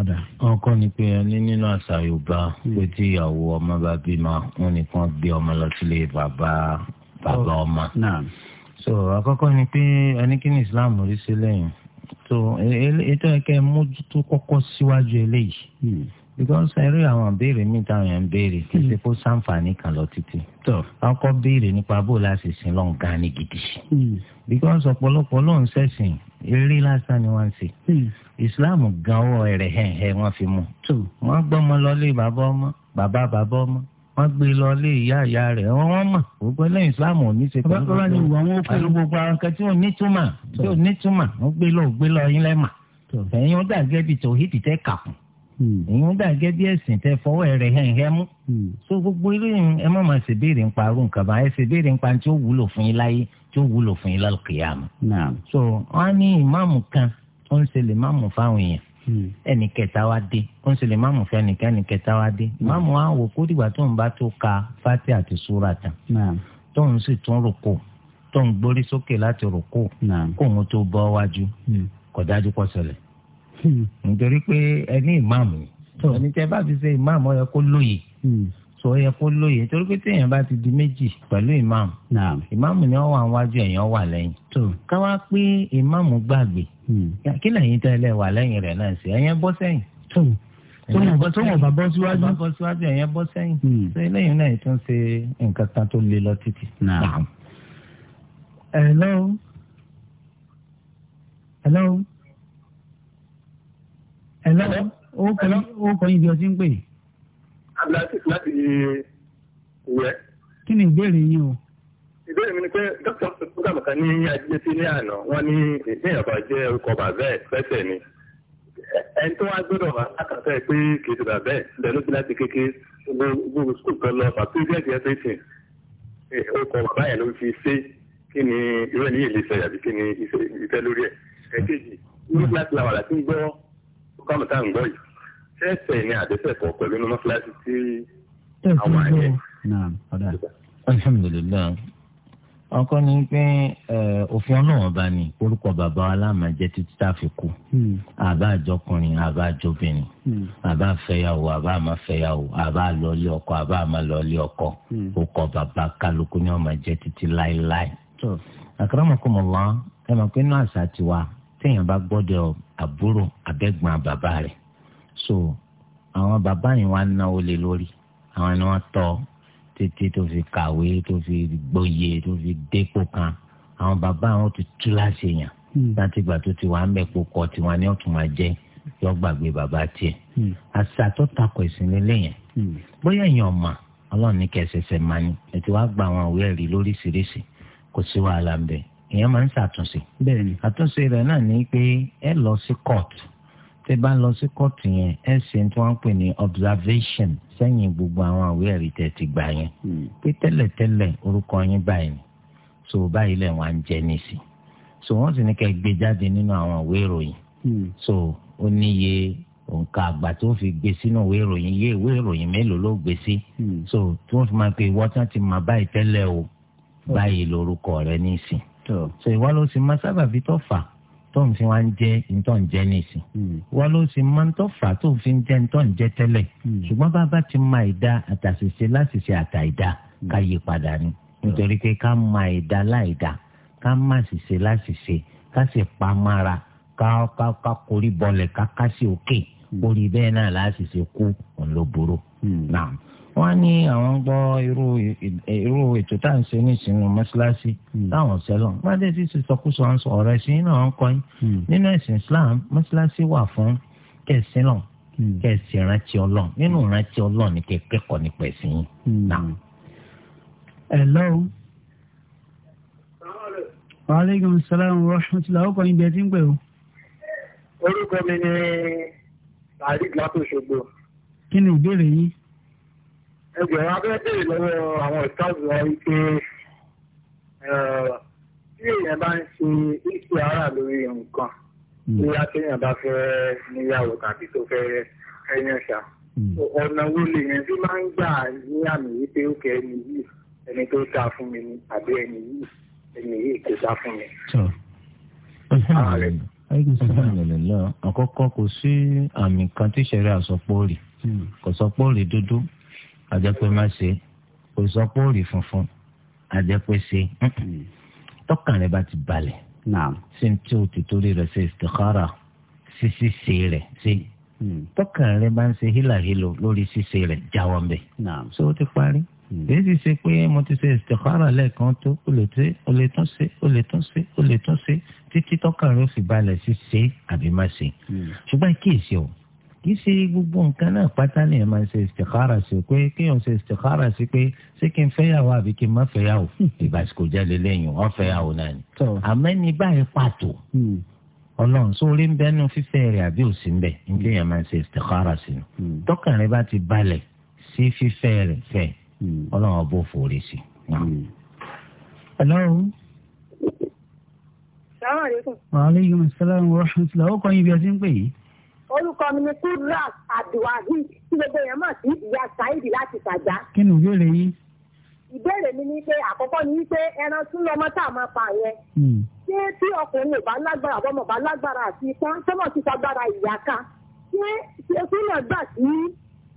ọ̀dà ọkọ ni pé ẹni nínú àṣà Yorùbá pé tí ìyàwó ọmọ bá bímọ wọn nìkan gbé ọmọ lọ sílé bàbá bàbá oh, ọmọ. so àkọ́kọ́ ni pé ẹni kí ni Islam rí sí lẹ́yìn tó ètò ẹ̀kẹ́ mójútó kọ́kọ́ síwájú eléyìí hmm. because ẹ̀rí àwọn béèrè mi táwọn yẹn ń béèrè kí ṣe hmm. kó sáǹfààní kan lọ títí. tó ọkọ béèrè nípa bó la ṣe sin lọ́n gan ni gidi. Hmm. because ọ̀pọ̀lọpọ̀ ló ń ṣẹ̀sìn eré lásán ni wọ́n ń ṣe. islam gan ọwọ́ rẹ̀ hẹ̀hẹ̀ wọ́n fi mú. tó wọ́n gbọ́mọ lọ́lé bàbá ọmọ bàbá bàbá ọmọ wọ́n gbé lọ lé ìyá ìyá rẹ̀ wọ́n mọ̀ gbogbo ẹlẹ́yìn islam ò ní ṣe pẹ̀lú gbogbo pẹ̀lú gbogbo àwọn kan tí ò ní túmọ̀ tí ò ní túmọ̀ wọ́n gbé lọ gbé lọ yín lẹ́mà ẹ̀yin ó dà gẹ́ bí tòhídì tẹ́ kàkùn hmm. ẹ̀yin ó dà gẹ́ bí ẹ̀sìn tẹ́ fọwọ́ ẹ̀rẹ̀ mú hmm. so gbogbo eléyìí ẹ má máa ṣèbéèrè ń parú nǹkan bá ẹ ṣèbéèrè ń pa tí ó wúlò fún yín láyé tí ó wúlò fún yín lálùkìyàmù so wọ́n á ní ìmáàmù kan tó ń ṣe lè máàmù fáwọn èèyàn Hmm. ẹnì kẹta wa dé ó ń ṣe lè máàmù fẹ́ nìkan ẹnì kẹta wa dé máàmù hmm. ka fati àti súra tán tó ń sì tún rúkọ tó ń gbórí sókè láti rúkọ kó òun tó bọ́ wájú hmm. kò dájú pọ̀ ṣẹlẹ̀ nítorí pé ẹni ìmáàmù ẹni tẹ́ bá fi ṣe ìmáàmù yẹ kó sọ yẹ kó lóye torí pé téèyàn bá ti di méjì pẹ̀lú ìmáàmù ìmáàmù ni wọ́n wà wájú èèyàn wà lẹ́yìn ká wá pé ìmáàmù gbàgbé hmm. kí lẹ́yìn tẹ́lẹ̀ wà lẹ́yìn rẹ̀ náà sí ẹ̀yẹn bọ́ sẹ́yìn tó wọn bá bọ́ síwájú bá bọ́ síwájú ẹ̀yẹn bọ́ sẹ́yìn ṣé hmm. eléyìí náà tún ṣe nǹkan kan tó le lọ títì. hello hello hello O kọ́ yín bí ọtí ń pè é abdulaziz láti wẹ̀. kí ni ìbéèrè yín o. ìbéèrè mi ni pé dókítà fúgàmù kan ní ajínigbé ní àná wọn ní ìpínyàn kan jẹ orúkọ bàbá ẹ fẹsẹ ni ẹni tó wá gbọ́dọ̀ wá àkàtà ẹ pé kì í ti bàbá ẹ bẹ́ẹ̀ ló ti láti kéke gbogbo skul kan lọ pàtó ìdí ẹsẹ ẹsẹ ìsìn orúkọ bàbá yẹn ló fi ṣe kí ni irú ẹni yìí lè ṣe àbí kí ni ìfẹ́ lórí ẹ ẹ̀kejì ní kíláàsì làwọn àti ń gbọ́ ń gbọ́ yìí sẹ́pẹ̀ ní àdẹ́sẹ̀kọ̀ pẹ̀lú ní mọ́sálásí tí àwọn àyẹ̀. alhamdulilayi ọkọ ni pé òfin ọlọ́wọ́n bá ní orúkọ bàbá wa láàmà jẹ́ títí tá a fi kú hmm. àbá àjọkùnrin àbá àjọbìnrin hmm. àbá àfẹ́yàwó àbá àmàfẹ́yàwó àbá àlọ́lé ọkọ àbá àmàlọ́lé ọkọ hmm. orúkọ bàbá kálukú ni wọ́n máa jẹ́ títí láéláé. àkàràmọ̀kọ́mọ̀lá ẹ mọ̀ pé inú àṣà tiwa téèyàn bá gbọ́dọ̀ àbúrò abẹ́gbọ̀n bàbá rẹ̀ so àwọn bàbá yìí wá náwó lé lórí àwọn ni wọ́n tọ́ títí tó fi kàwé tó fi gbóyè tó fi dépò kan àwọn bàbá àwọn ti tú láṣẹ yàn hmm. láti ìgbà tó ti wà ń bẹ kókọ tiwọn ni ó tún máa jẹ yọ gbàgbé bàbá tiẹ̀ hmm. àṣà tó takò ìsìn lélẹ̀ yẹn hmm. bóyá èèyàn mà ọlọ́run ní kẹsẹsẹ máa ní ètò wàá gba àwọn ìwé ẹ̀rí lóríṣiríṣi kò sí wàhálà ń bẹ èèyàn máa ń ṣàtúnṣe àtúnṣe rẹ̀ náà ní pé ẹ lọ sí kóòtù tẹ bá ń lọ sí kóòtù yẹn ẹ ṣe tí wọ́n pè ní observation sẹ́yìn gbogbo àwọn àwé ẹ̀rí tẹ ti gbà yẹn hmm. pé tẹ́lẹ̀tẹ́lẹ̀ orúkọ yín báyìí so báyìí lẹ̀ wọ́n á ń jẹ́ so wọ́n sì ní kẹ́ gbé jáde nínú àwọn àwé ìròyìn hmm. so ó níye òǹkà àgbà tó fi gbé sínú ìwé ìròyìn yé ìwé ìròyìn mélòó ló gbé sí hmm. so tí wọ́n fi máa pe ìwọ tán ti máa báyìí tẹ́lẹ̀ o báyìí lórúkọ rẹ nísì so ìwọ ló sì máa sábàbí tó fà á tó ń fi wá ń jẹ ntọ́ ń jẹ nìsín hmm. wọn ló sì máa ń tọ́ fà tó ń fi ń jẹ ntọ́ ń jẹ tẹ́lẹ̀ hmm. ṣùgbọ́n bàbá ti máa ìdá àtàṣìṣe láṣìṣe àtà ìdá hmm. ká yí padà ni nítorí pé ká máa ìdá láìdá ká má ṣìṣe láṣìṣe ká sì pa mára ká ká ká korí bọlẹ̀ ká ká sí òkè orí bẹ́ẹ̀ náà láṣìṣe kú òun ló burú wọ́n ní àwọn gbọ́ irú ètò tá à ń ṣe ní ìsinmi mọ́ṣáláṣí hmm. táwọn sẹ́lọ̀ mọ́tẹ́ sì ti sọkúsọ ọ̀rọ̀ ẹ̀sìn náà ń kọ́ hmm. nínú ẹ̀sìn Islam mọ́ṣáláṣí wà fún kẹ̀sìn náà kẹ̀sìn rántí Ọlọ́run nínú hmm. rántí Ọlọ́run ni kẹ́kẹ́kọ̀ọ́ nípa ẹ̀sìn yín náà. Hello. Wàhálẹ́gùn sálàmù rọ́ṣùtìlá ó kọ́ ní bẹ́ẹ̀ tí ń pè ó. Orúkọ mi ni Àríkì látòṣogbo. Kí ẹgbẹ̀rún abẹ́rẹ́ bèrè lọ́wọ́ àwọn ìtọ́jú wa wípé tí èèyàn bá ń ṣe ìṣe ara lórí nǹkan hmm. tí akéèyàn bá fẹ́ níyàwó tàbí tó fẹ́ ẹyàn ṣá hmm. ọ̀nà wo lèèyàn tí máa ń gbà ní àmì wípé ó kẹ́ ẹni yìí ẹni tó ta fún mi ni àbí ẹni yìí ẹni yìí kò ta fún mi. àkọ́kọ́ kò sí àmì kan tí ìṣẹ̀rẹ́ àsọpọ̀ rì hmm. kò sọpọ̀ rì dúdú àjẹpẹ́ má ṣe kò sọ pé ó rí funfun àjẹpẹ́ ṣe mm-hmm. tọkàn rẹ bá ti balẹ̀ ṣé tí o ti torí rẹ ṣe istikhara ṣíṣí ṣe rẹ ṣe mm. tọkàn rẹ bá ń ṣe hílàhílò lórí ṣíṣe rẹ jáwọ́ mbẹ ṣé o ti parí èyí mm. ti ṣe pé mo ti ṣe istikhara lẹ́ẹ̀kan tó o lè tún o lè tún ṣe o lè tún ṣe o lè tún ṣe títí tọkàn rẹ ó fi balẹ̀ ṣíṣe àbí má ṣe mm. ṣùgbọ́n kíyèsí o kì í ṣe gbogbo nǹkan náà pátá ni ẹ máa ń ṣe istikhara sí pé kéèyàn ṣe istikhara sí pé ṣé kí n fẹ́yàwó àbí kí n má fẹ́yàwó hmm. ìbásíkò jáde lẹ́yìn wọ́n fẹ́yàwó náà ni. àmọ́ ẹni báyìí pàtó hmm. ọlọ́run sórí ń bẹ́nu fífẹ́ rẹ̀ àbí òsì ń bẹ̀ nígbà yẹn máa ń ṣe istikhara sí nu. Hmm. tọ́kàn rẹ bá ti balẹ̀ sí fífẹ́ rẹ̀ fẹ́ ọlọ́run ọbọ̀ fòrè sí. ọlọ́run. sàmàlẹ́kùn. wàhálà yìí orúkọ mi ni kudrat abdulwaheed tí gbogbo èèyàn mọ̀ sí ìyá saheed láti ṣàjá. kí ni ìbéèrè yín. ìbéèrè mi ni pé àkọ́kọ́ ni pé ẹran tún lọmọ tá a máa pa yẹn. Hmm. ṣé tí ọkùnrin ò bá lágbára àbọ̀mọ̀ bá lágbára àti ipá sọ́mọ̀ ti fagbára ìyá ká ṣé ṣe fún náà gbà sí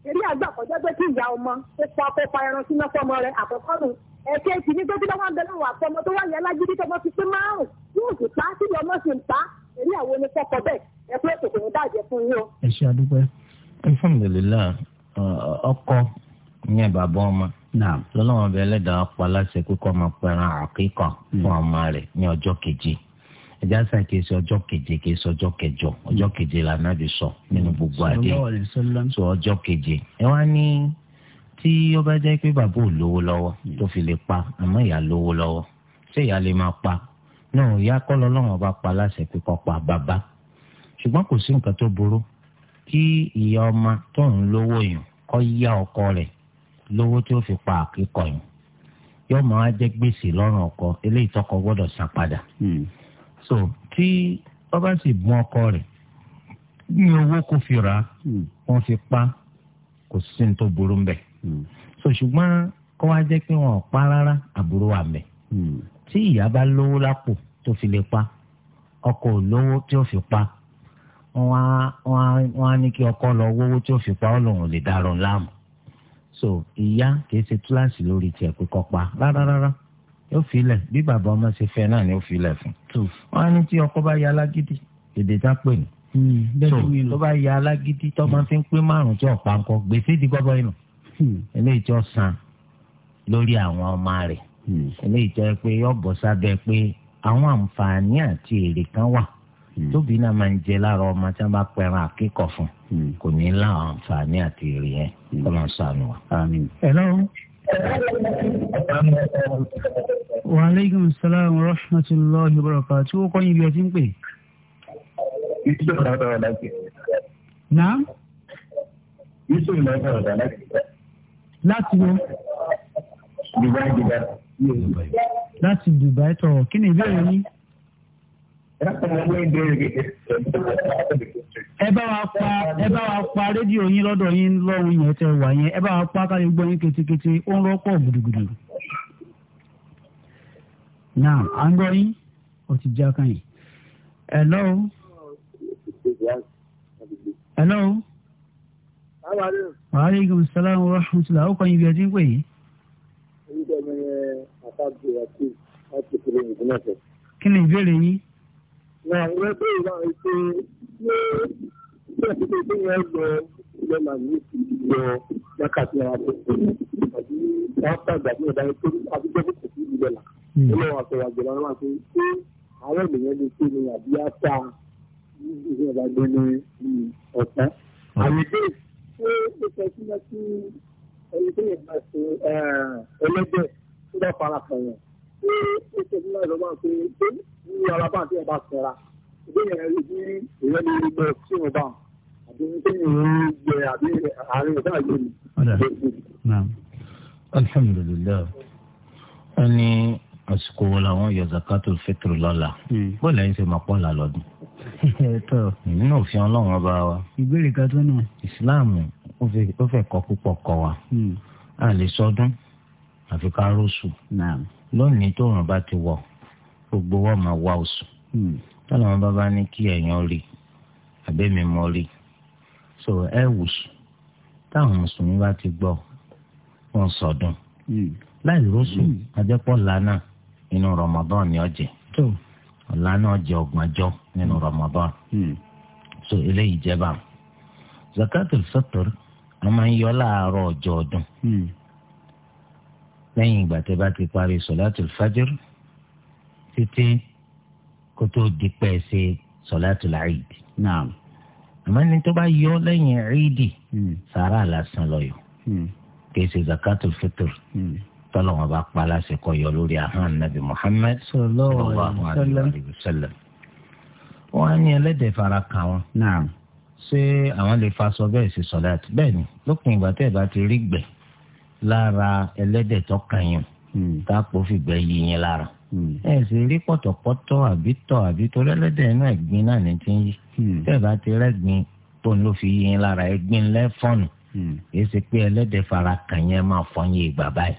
eré àgbà kọjá pé kí ìyá ọmọ ó pa kó pa ẹran sínú fọmọ rẹ àkọ́kọ́ nù ẹ̀kẹ́ ìtì ní tó bí wọ́n bẹ̀rẹ̀ wà fọmọ tó wà yẹn lágídí tọmọ fi pé márùn-ún yóò sì pa sí ọmọ sì ń pa ìrí àwọn onífọkọ bẹ́ẹ̀ ẹ pé kò bàjẹ́ fún yín o. ẹ ṣe àdúgbò alhamdulillah ọkọ ìyẹn bàbá ọmọ lọ́lọ́wọ́n ọbẹ̀ ẹlẹ́dàá pa láṣẹ pé kọ́ máa pẹran àkíkà hmm. fún ọmọ rẹ̀ ní ọjọ́ keje ẹja sàn kìí ṣe ọjọ́ keje kìí ṣe ọjọ́ kẹjọ hmm. ọjọ́ keje lànà bí sọ nínú gbogbo àdé sọ ọjọ́ keje ẹ wá ní tí ó bá jẹ́ pé bàbá ò lówó lọ́wọ́ hmm. tó fi lè pa àmọ́ ìyá lówó lọ́wọ́ ṣé ìyá lè máa pa náà ìyá kọ́ lọ́lọ́run ọba pa láṣẹ pé kọ́ pa bàbá ṣùgbọ́n kò sí nǹkan tó burú kí ìyá ọmọ tó ń lówó yùn kọ́ yá ọkọ rẹ̀ lówó tí ó fi pa àkíkọ yùn yóò máa jẹ́ gbèsè lọ́rùn ọkọ eléyìí tọkọ gbọ́dọ̀ san padà. Hmm. so tí ọba sì bùn ọkọ rẹ̀ ní owó kò fi rà á hmm. wọ́n fi pa kò sí ní tó burú ń hmm. so ṣùgbọ́n kọ́ wá jẹ́ pé wọn pa rárá àbúrò wa tí ìyá bá lówó lápò tó fi lè pa ọkọ ò lówó tí ó fi pa wọ́n á ní kí ọkọ lọ wówó tí ó fi pa ọ lè dárò láàmú so ìyá kìí ṣe túláàsì lórí tiẹ̀ pé kọ́ pa rárá rárá yóò filẹ̀ bí bàbá ọmọ ṣe fẹ́ náà ni ó filẹ̀ fún wọ́n á ní tí ọkọ bá ya alágídí èdè tá pè ní hmm, tó bá ya alágídí tó máa fi ń pé márùn tí ọ̀pá ń kọ gbèsè di gbọ́bọ́ inú hmm. eléyìí tí ó san lórí àwọn ọmọ rẹ̀ Hmm. eléyìí tó yẹ pé yọ bọ́ sábẹ́ pé àwọn àǹfààní àti èrè kan wà hmm. tóbi náà máa ń jẹ lára ọmọ tí wọn bá pẹran àkíkọ fún hmm. kò ní láwọn àǹfààní àti èrè yẹn kọ́ ló sànù wa. hello. wa aleykum salaam wa rahmatulahi wa barakatuh tí ó kọ́ yín bí ẹ ti ń pè. ìṣòro ọ̀dọ̀ ọ̀dà kì í. náà. ìṣòro láti. láti wo. Dubai Dubai láti Dubai tọ̀ kí ni ìbéèrè yín. ẹ bá wa pa ẹ bá wa pa rédíò yín lọ́dọ̀ yín lọ́hùn yẹn tẹ wà yẹn ẹ bá wa pa káyọ̀ gbọ́ yín ketekete ó ń rọ́pọ̀ gudugudu. náà à ń gbọ́ yín ó ti já kan yìí. hello. hello. wàhálà ìgbìmọ̀ sálàmù rahmatulah ó kàn yín bí ẹ ti ń pè yìí orúkọ mi ni àtàgbè àti láti ìpínlẹ̀ Ògùn náà sọ. kí ni ìbéèrè yín. wà á rẹ pé ìwà ìpè ṣé ṣé àti pé kí wọ́n lọ ilẹ̀ màmí lọ lákàtí ara tó kù àbí wọ́n tàgbà ní ọ̀dà ìpè àbíjọ́ kò sí ìbílẹ̀ là. olóòwò àtọ̀wà jọ̀lá wọn àti pé àwọn ènìyàn lè ṣe ni àbí àtà ìgbésẹ̀ ìbàgbé ní ọ̀tá. àmì bẹ́ẹ̀ ṣé ó fẹ́ sí tí yẹn bá ṣe ẹlẹ́gbẹ́ tó bá fara kan yẹn ṣé ó ṣe fún ẹ̀rọ máa pé ṣé ní ara bá àti ẹ̀bá sọ̀ra ìdí yẹn rí bí ìrẹ́ ní gbẹ tí mo bá àbí tí mi ò jẹ àbí àárín ìdá yé mi. alhamdulilayi wọn ní àsìkò wo làwọn yọ zakatul fitr lọ́la hmm. bọ́ọ̀lù ẹ̀yin ṣe máa pọ̀ là lọ́dún. nínú òfin ọlọ́run ọba wa. ìbéèrè kan tó nù. ìsìláàmù ó fẹ́ kọ́ púpọ̀ kọ́ wa. Hmm. a lè sọdún àfi ká róṣù lónìí tó bá ti wọ, gbogbo wọn máa wá oṣù hmm. tọ́lá wọn bá bá ní kí ẹ̀yàn rí rí so ẹ wù sùn táwọn mùsùlùmí bá ti gbọ́ wọn sọdún hmm. láì róṣù hmm. ajẹ́pọ̀ lánà inú ni ọjẹ́ náà so eléyìí jẹ́ bá zakatul wọ́n máa ń yọ láàárọ̀ ọjọ́ ọdún hmm. lẹ́yìn ìgbà tẹ́ bá ti parí sọ̀láàtù fájírì títí kó tó di pẹ́ ṣe sọ̀láàtù láìdì. àmọ́ ní tó bá yọ lẹ́yìn ríìdì hmm. sàárà lásán lọ́yọ̀ hmm. kì í ṣe zakatu fitr tọ́lọ̀ wọn bá pa aláṣẹ kọ yọ lórí ahọ́n nabi muhammed sallallahu alayhi wa sallam. wọ́n á ní ẹlẹ́dẹ̀ẹ́ fara kàn wọ́n ṣé àwọn lè faṣọ bẹ́ẹ̀ ṣe sọ̀láàtì bẹ́ẹ̀ ni lópin ìgbà tẹ́ ẹ̀ bá ti rí gbẹ̀ lára ẹlẹ́dẹ̀ tó kàn yín hmm. táàpò fìgbẹ́ yí yín lára hmm. ẹ sì rí pọ̀tọ̀pọ̀tọ̀ àbí tọ̀ àbí torí ẹlẹ́dẹ̀ inú ẹ̀gbin náà ní ti ń yí hmm. tẹ́ ẹ̀ bá ti rẹ́gbin tó ń lò fi yí yín lára ẹ̀gbin lẹ́fọ̀nù kì í ṣe pé ẹlẹ́dẹ̀ fara kàn máa fọ́ yín ìgbà báyìí.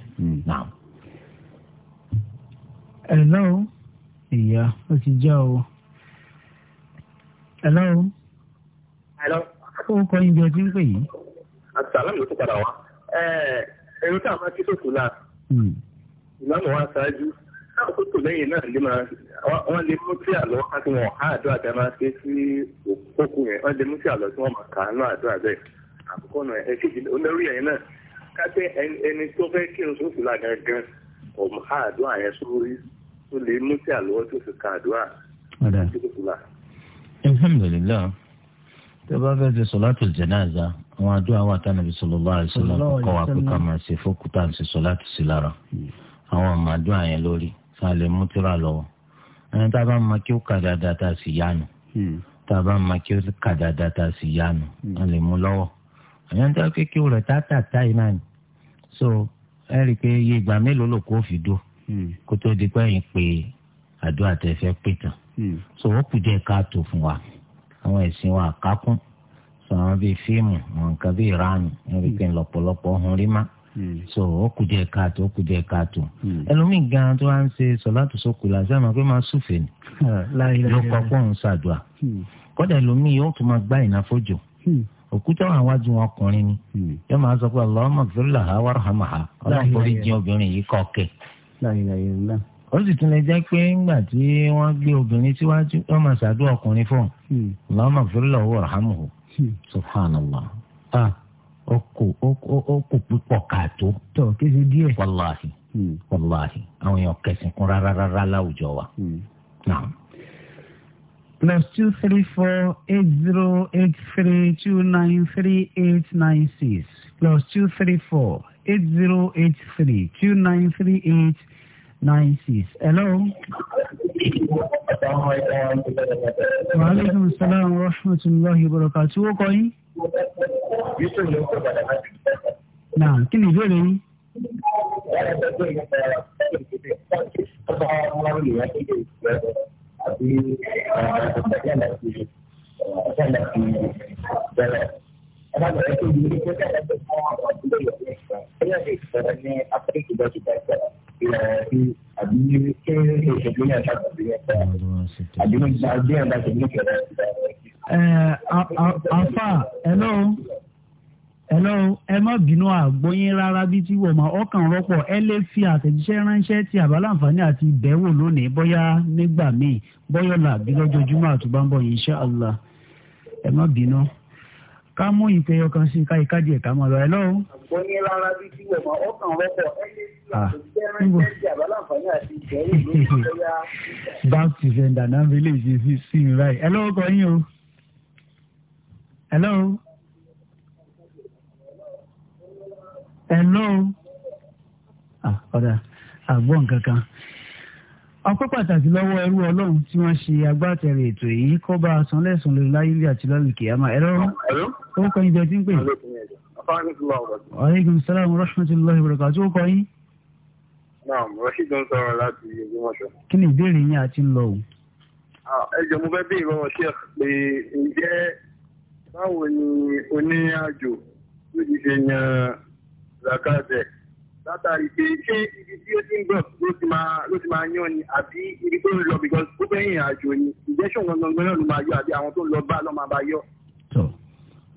ẹ̀ o ẹ̀ lọ́wọ́ ó ń kọ oúnjẹ tí ń pè yìí. àtàlà mi ò tún padà wá ẹ̀rù tá a máa kí sókù náà hmm. ìmáàmù wa ṣáájú náà tó tò lẹ́yìn náà lè máa wọ́n lè mú tí àlọ́ àti wọn ọ̀há àdó àti àmà ṣe sí òkú yẹn wọ́n lè mú tí àlọ́ tí wọ́n máa kà á náà àdó àbẹ̀ àkókò náà ẹ̀ ṣèjì olórí ẹ̀yìn náà káṣẹ́ ẹni tó fẹ́ kí n sókù la gangan ọ̀há àdó àyẹn sórí tó lè mú tí àlọ́ tó fi kà àdó à alhamdulillah tó bá fẹ́ ṣe sọ̀látù jẹ̀náàzà àwọn àdúà àwọn àtànàbí sallallahu alaihi wasallam kọ́ wa pé ká máa ṣe fókútà ṣe sọ̀látù sí lára àwọn ọmọ àdúà yẹn lórí tá a lè mú tíra lọ́wọ́ ẹni tá a bá máa kí ó kà dáadáa tá a sì yánu hmm. tá a bá máa kí ó kà dáadáa tá a sì yánu hmm. a lè mú lọ́wọ́ àyàn tó kéèké rẹ̀ tátàtà yìí náà ni so ẹ rí i pé iye ìgbà mélòó ló kó fi dó hmm. kó tó di pé pé àdúrà tẹ̀ fẹ́ pè tán so ó kù díẹ̀ káàtó fún wa. àwọn ẹ̀sìn wa àkákún sọ àwọn bíi fíìmù wọn nǹkan bíi ìranù níbi pé lọ̀pọ̀lọpọ̀ ọ̀hún rí má hmm. so ó kù díẹ̀ káàtó ó kù díẹ̀ káàtó hmm. ẹlòmíì gan tó wá ń ṣe sọ̀látù sókù làṣẹ àmọ́ pé máa súfè ni ah, ló kọ́ pọ̀ ń ṣàdùà kọ́dà ẹlòmíì yóò tún máa gbá ìnáfójò hmm. òkúta wọn ọkùnrin ni yóò máa sọ pé ó sì tún lè jẹ́ pé ńgbà tí wọ́n gbé obìnrin síwájú wọ́n máa ṣàdúrà ọkùnrin fún un lọ́mọ fúnlọ̀ owó rahamuhu subhanallah ah, ó kò púpọ̀ káàtó tó kéde díẹ̀ wàláhì hmm. wàláhì àwọn èèyàn kẹsìn kún rárá rárá láwùjọ wa. Hmm. plus two three four eight zero eight three two nine three eight nine six plus two three four eight zero eight three two nine three eight nine six. hello. wa aleykum salaam wa rahmatulahi wa barakatuh wo kọ yín. yusuf ló ń sọ bàdà náà. náà kí ni ìbéèrè yín. Thank you. àbí afa hello hello ẹ má bínú àgbóyin rárá bí tí wọ́n ọkàn rọ́pọ̀ ẹ lè fi àtẹ̀jíṣẹ́ ránṣẹ́ ti àbáláǹfààní àti ìbẹ̀wò lónìí bóyá nígbà míì bóyá lọ́jọ́júmọ́ insha ẹ má bínú ká mú sí ká ìkádìí ó ní rárá bí tí wọ́n mọ ọkàn rọ́pọ̀ ẹni tí ah, àti tẹ́rẹ́ tẹ́rẹ́ àbá láǹfààní àti ìjẹ́rìí ló ń bóyá. bank defender náà fi lè ṣe sí sí mi báyìí. ẹ lọ́wọ́ kọ yín o. hello. hello. Ah, ọ̀dà àgbọ̀n kankan ọpẹ́ pàtàkì lọ́wọ́ ẹrú ọlọ́run tí wọ́n ṣe agbátẹrù ètò yìí kó bá a san lẹ́sùn lórí láyé àti lọ́lùkìyàmá ẹ̀rọ ó kọ́ ibi ẹ ń pè aleykum salaam rahmatulahi wabarakatuh tí ó kọ yín. naam rasheed ń sọ̀rọ̀ láti ìgbìmọ̀ṣọ́. kí ni ìbéèrè yín àti ń lọ o. ẹ jọ̀ọ́ mo fẹ́ bí ìrọ̀rùn sheikh pé ǹjẹ́ báwo ni onírìnàjò ló ti ṣe yan zakazẹ̀ látàrí pé ṣé ibi tí ó ti ń bọ̀ ló ti máa ló ti máa yán ni àbí ibi tó ń lọ because ó fẹ́ yìn àjò ni ìjẹ́sùn gangan náà ló máa yọ àbí àwọn tó ń lọ bá lọ́ máa bá yọ.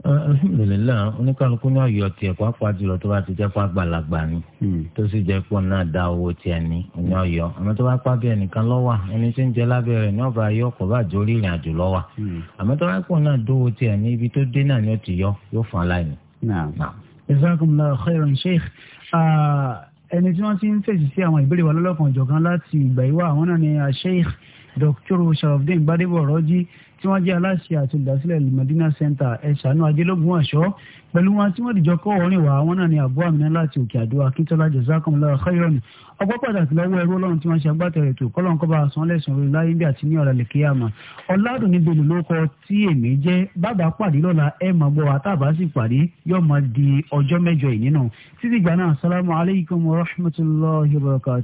Eh, alhamdulilayi oníkàlùkù ní ọyọ tiẹ̀ pàápàá jùlọ tó bá ti jẹ́ pa gbàlagbà ni hmm. tó sì jẹ́ pọ náà da owó tiẹ̀ ni ní ọyọ àmọ́ tó bá pa bí ẹnìkan lọwà ẹni tí ń jẹ lábẹ́ rẹ̀ ní ọba ayọ kò bá jọ orí ìrìn àjò lọwà hmm. àmọ́ tó bá pọ náà dówó tiẹ̀ ní ibi tó dé náà ni ó ti yọ yóò fún aláìní. jazakumullahu khairan sheikh ah, ẹni tí wọ́n ti ń fèsì sí àwọn ìbéèrè wa lọ́lọ́kan ìjọ̀kan láti ìgbà yìí wá àwọn náà ni ah, tí wọ́n jẹ́ aláṣẹ àti olùdásílẹ̀ Madina Center ẹ̀ṣánú ajẹ́lógún ọ̀ṣọ́ pẹ̀lú wọn tí wọ́n dìjọ kọ́ orin wà àwọn náà ní àbú àmìnà láti òkè àdó akíntola jazakumullahu khairan ọgbọ́ pàtàkì lọ́wọ́ ẹrú ọlọ́run tí wọ́n ṣe agbátẹrẹ ètò kọ́lọ́n kọ́ba àsan lẹ́sùn orí láyé bí àti ní ọ̀rẹ́ lè kíyàmà ọ̀làdùn ní bèlú ló kọ tí èmi jẹ́ bàbá pàdé lọ́la ẹ̀ máa gbọ́ àtàbá sì pàdé yóò máa di ọjọ́ mẹ́jọ ìnínà títí gbà náà sálámù alaykum wa rahmatulahi wa barakatu.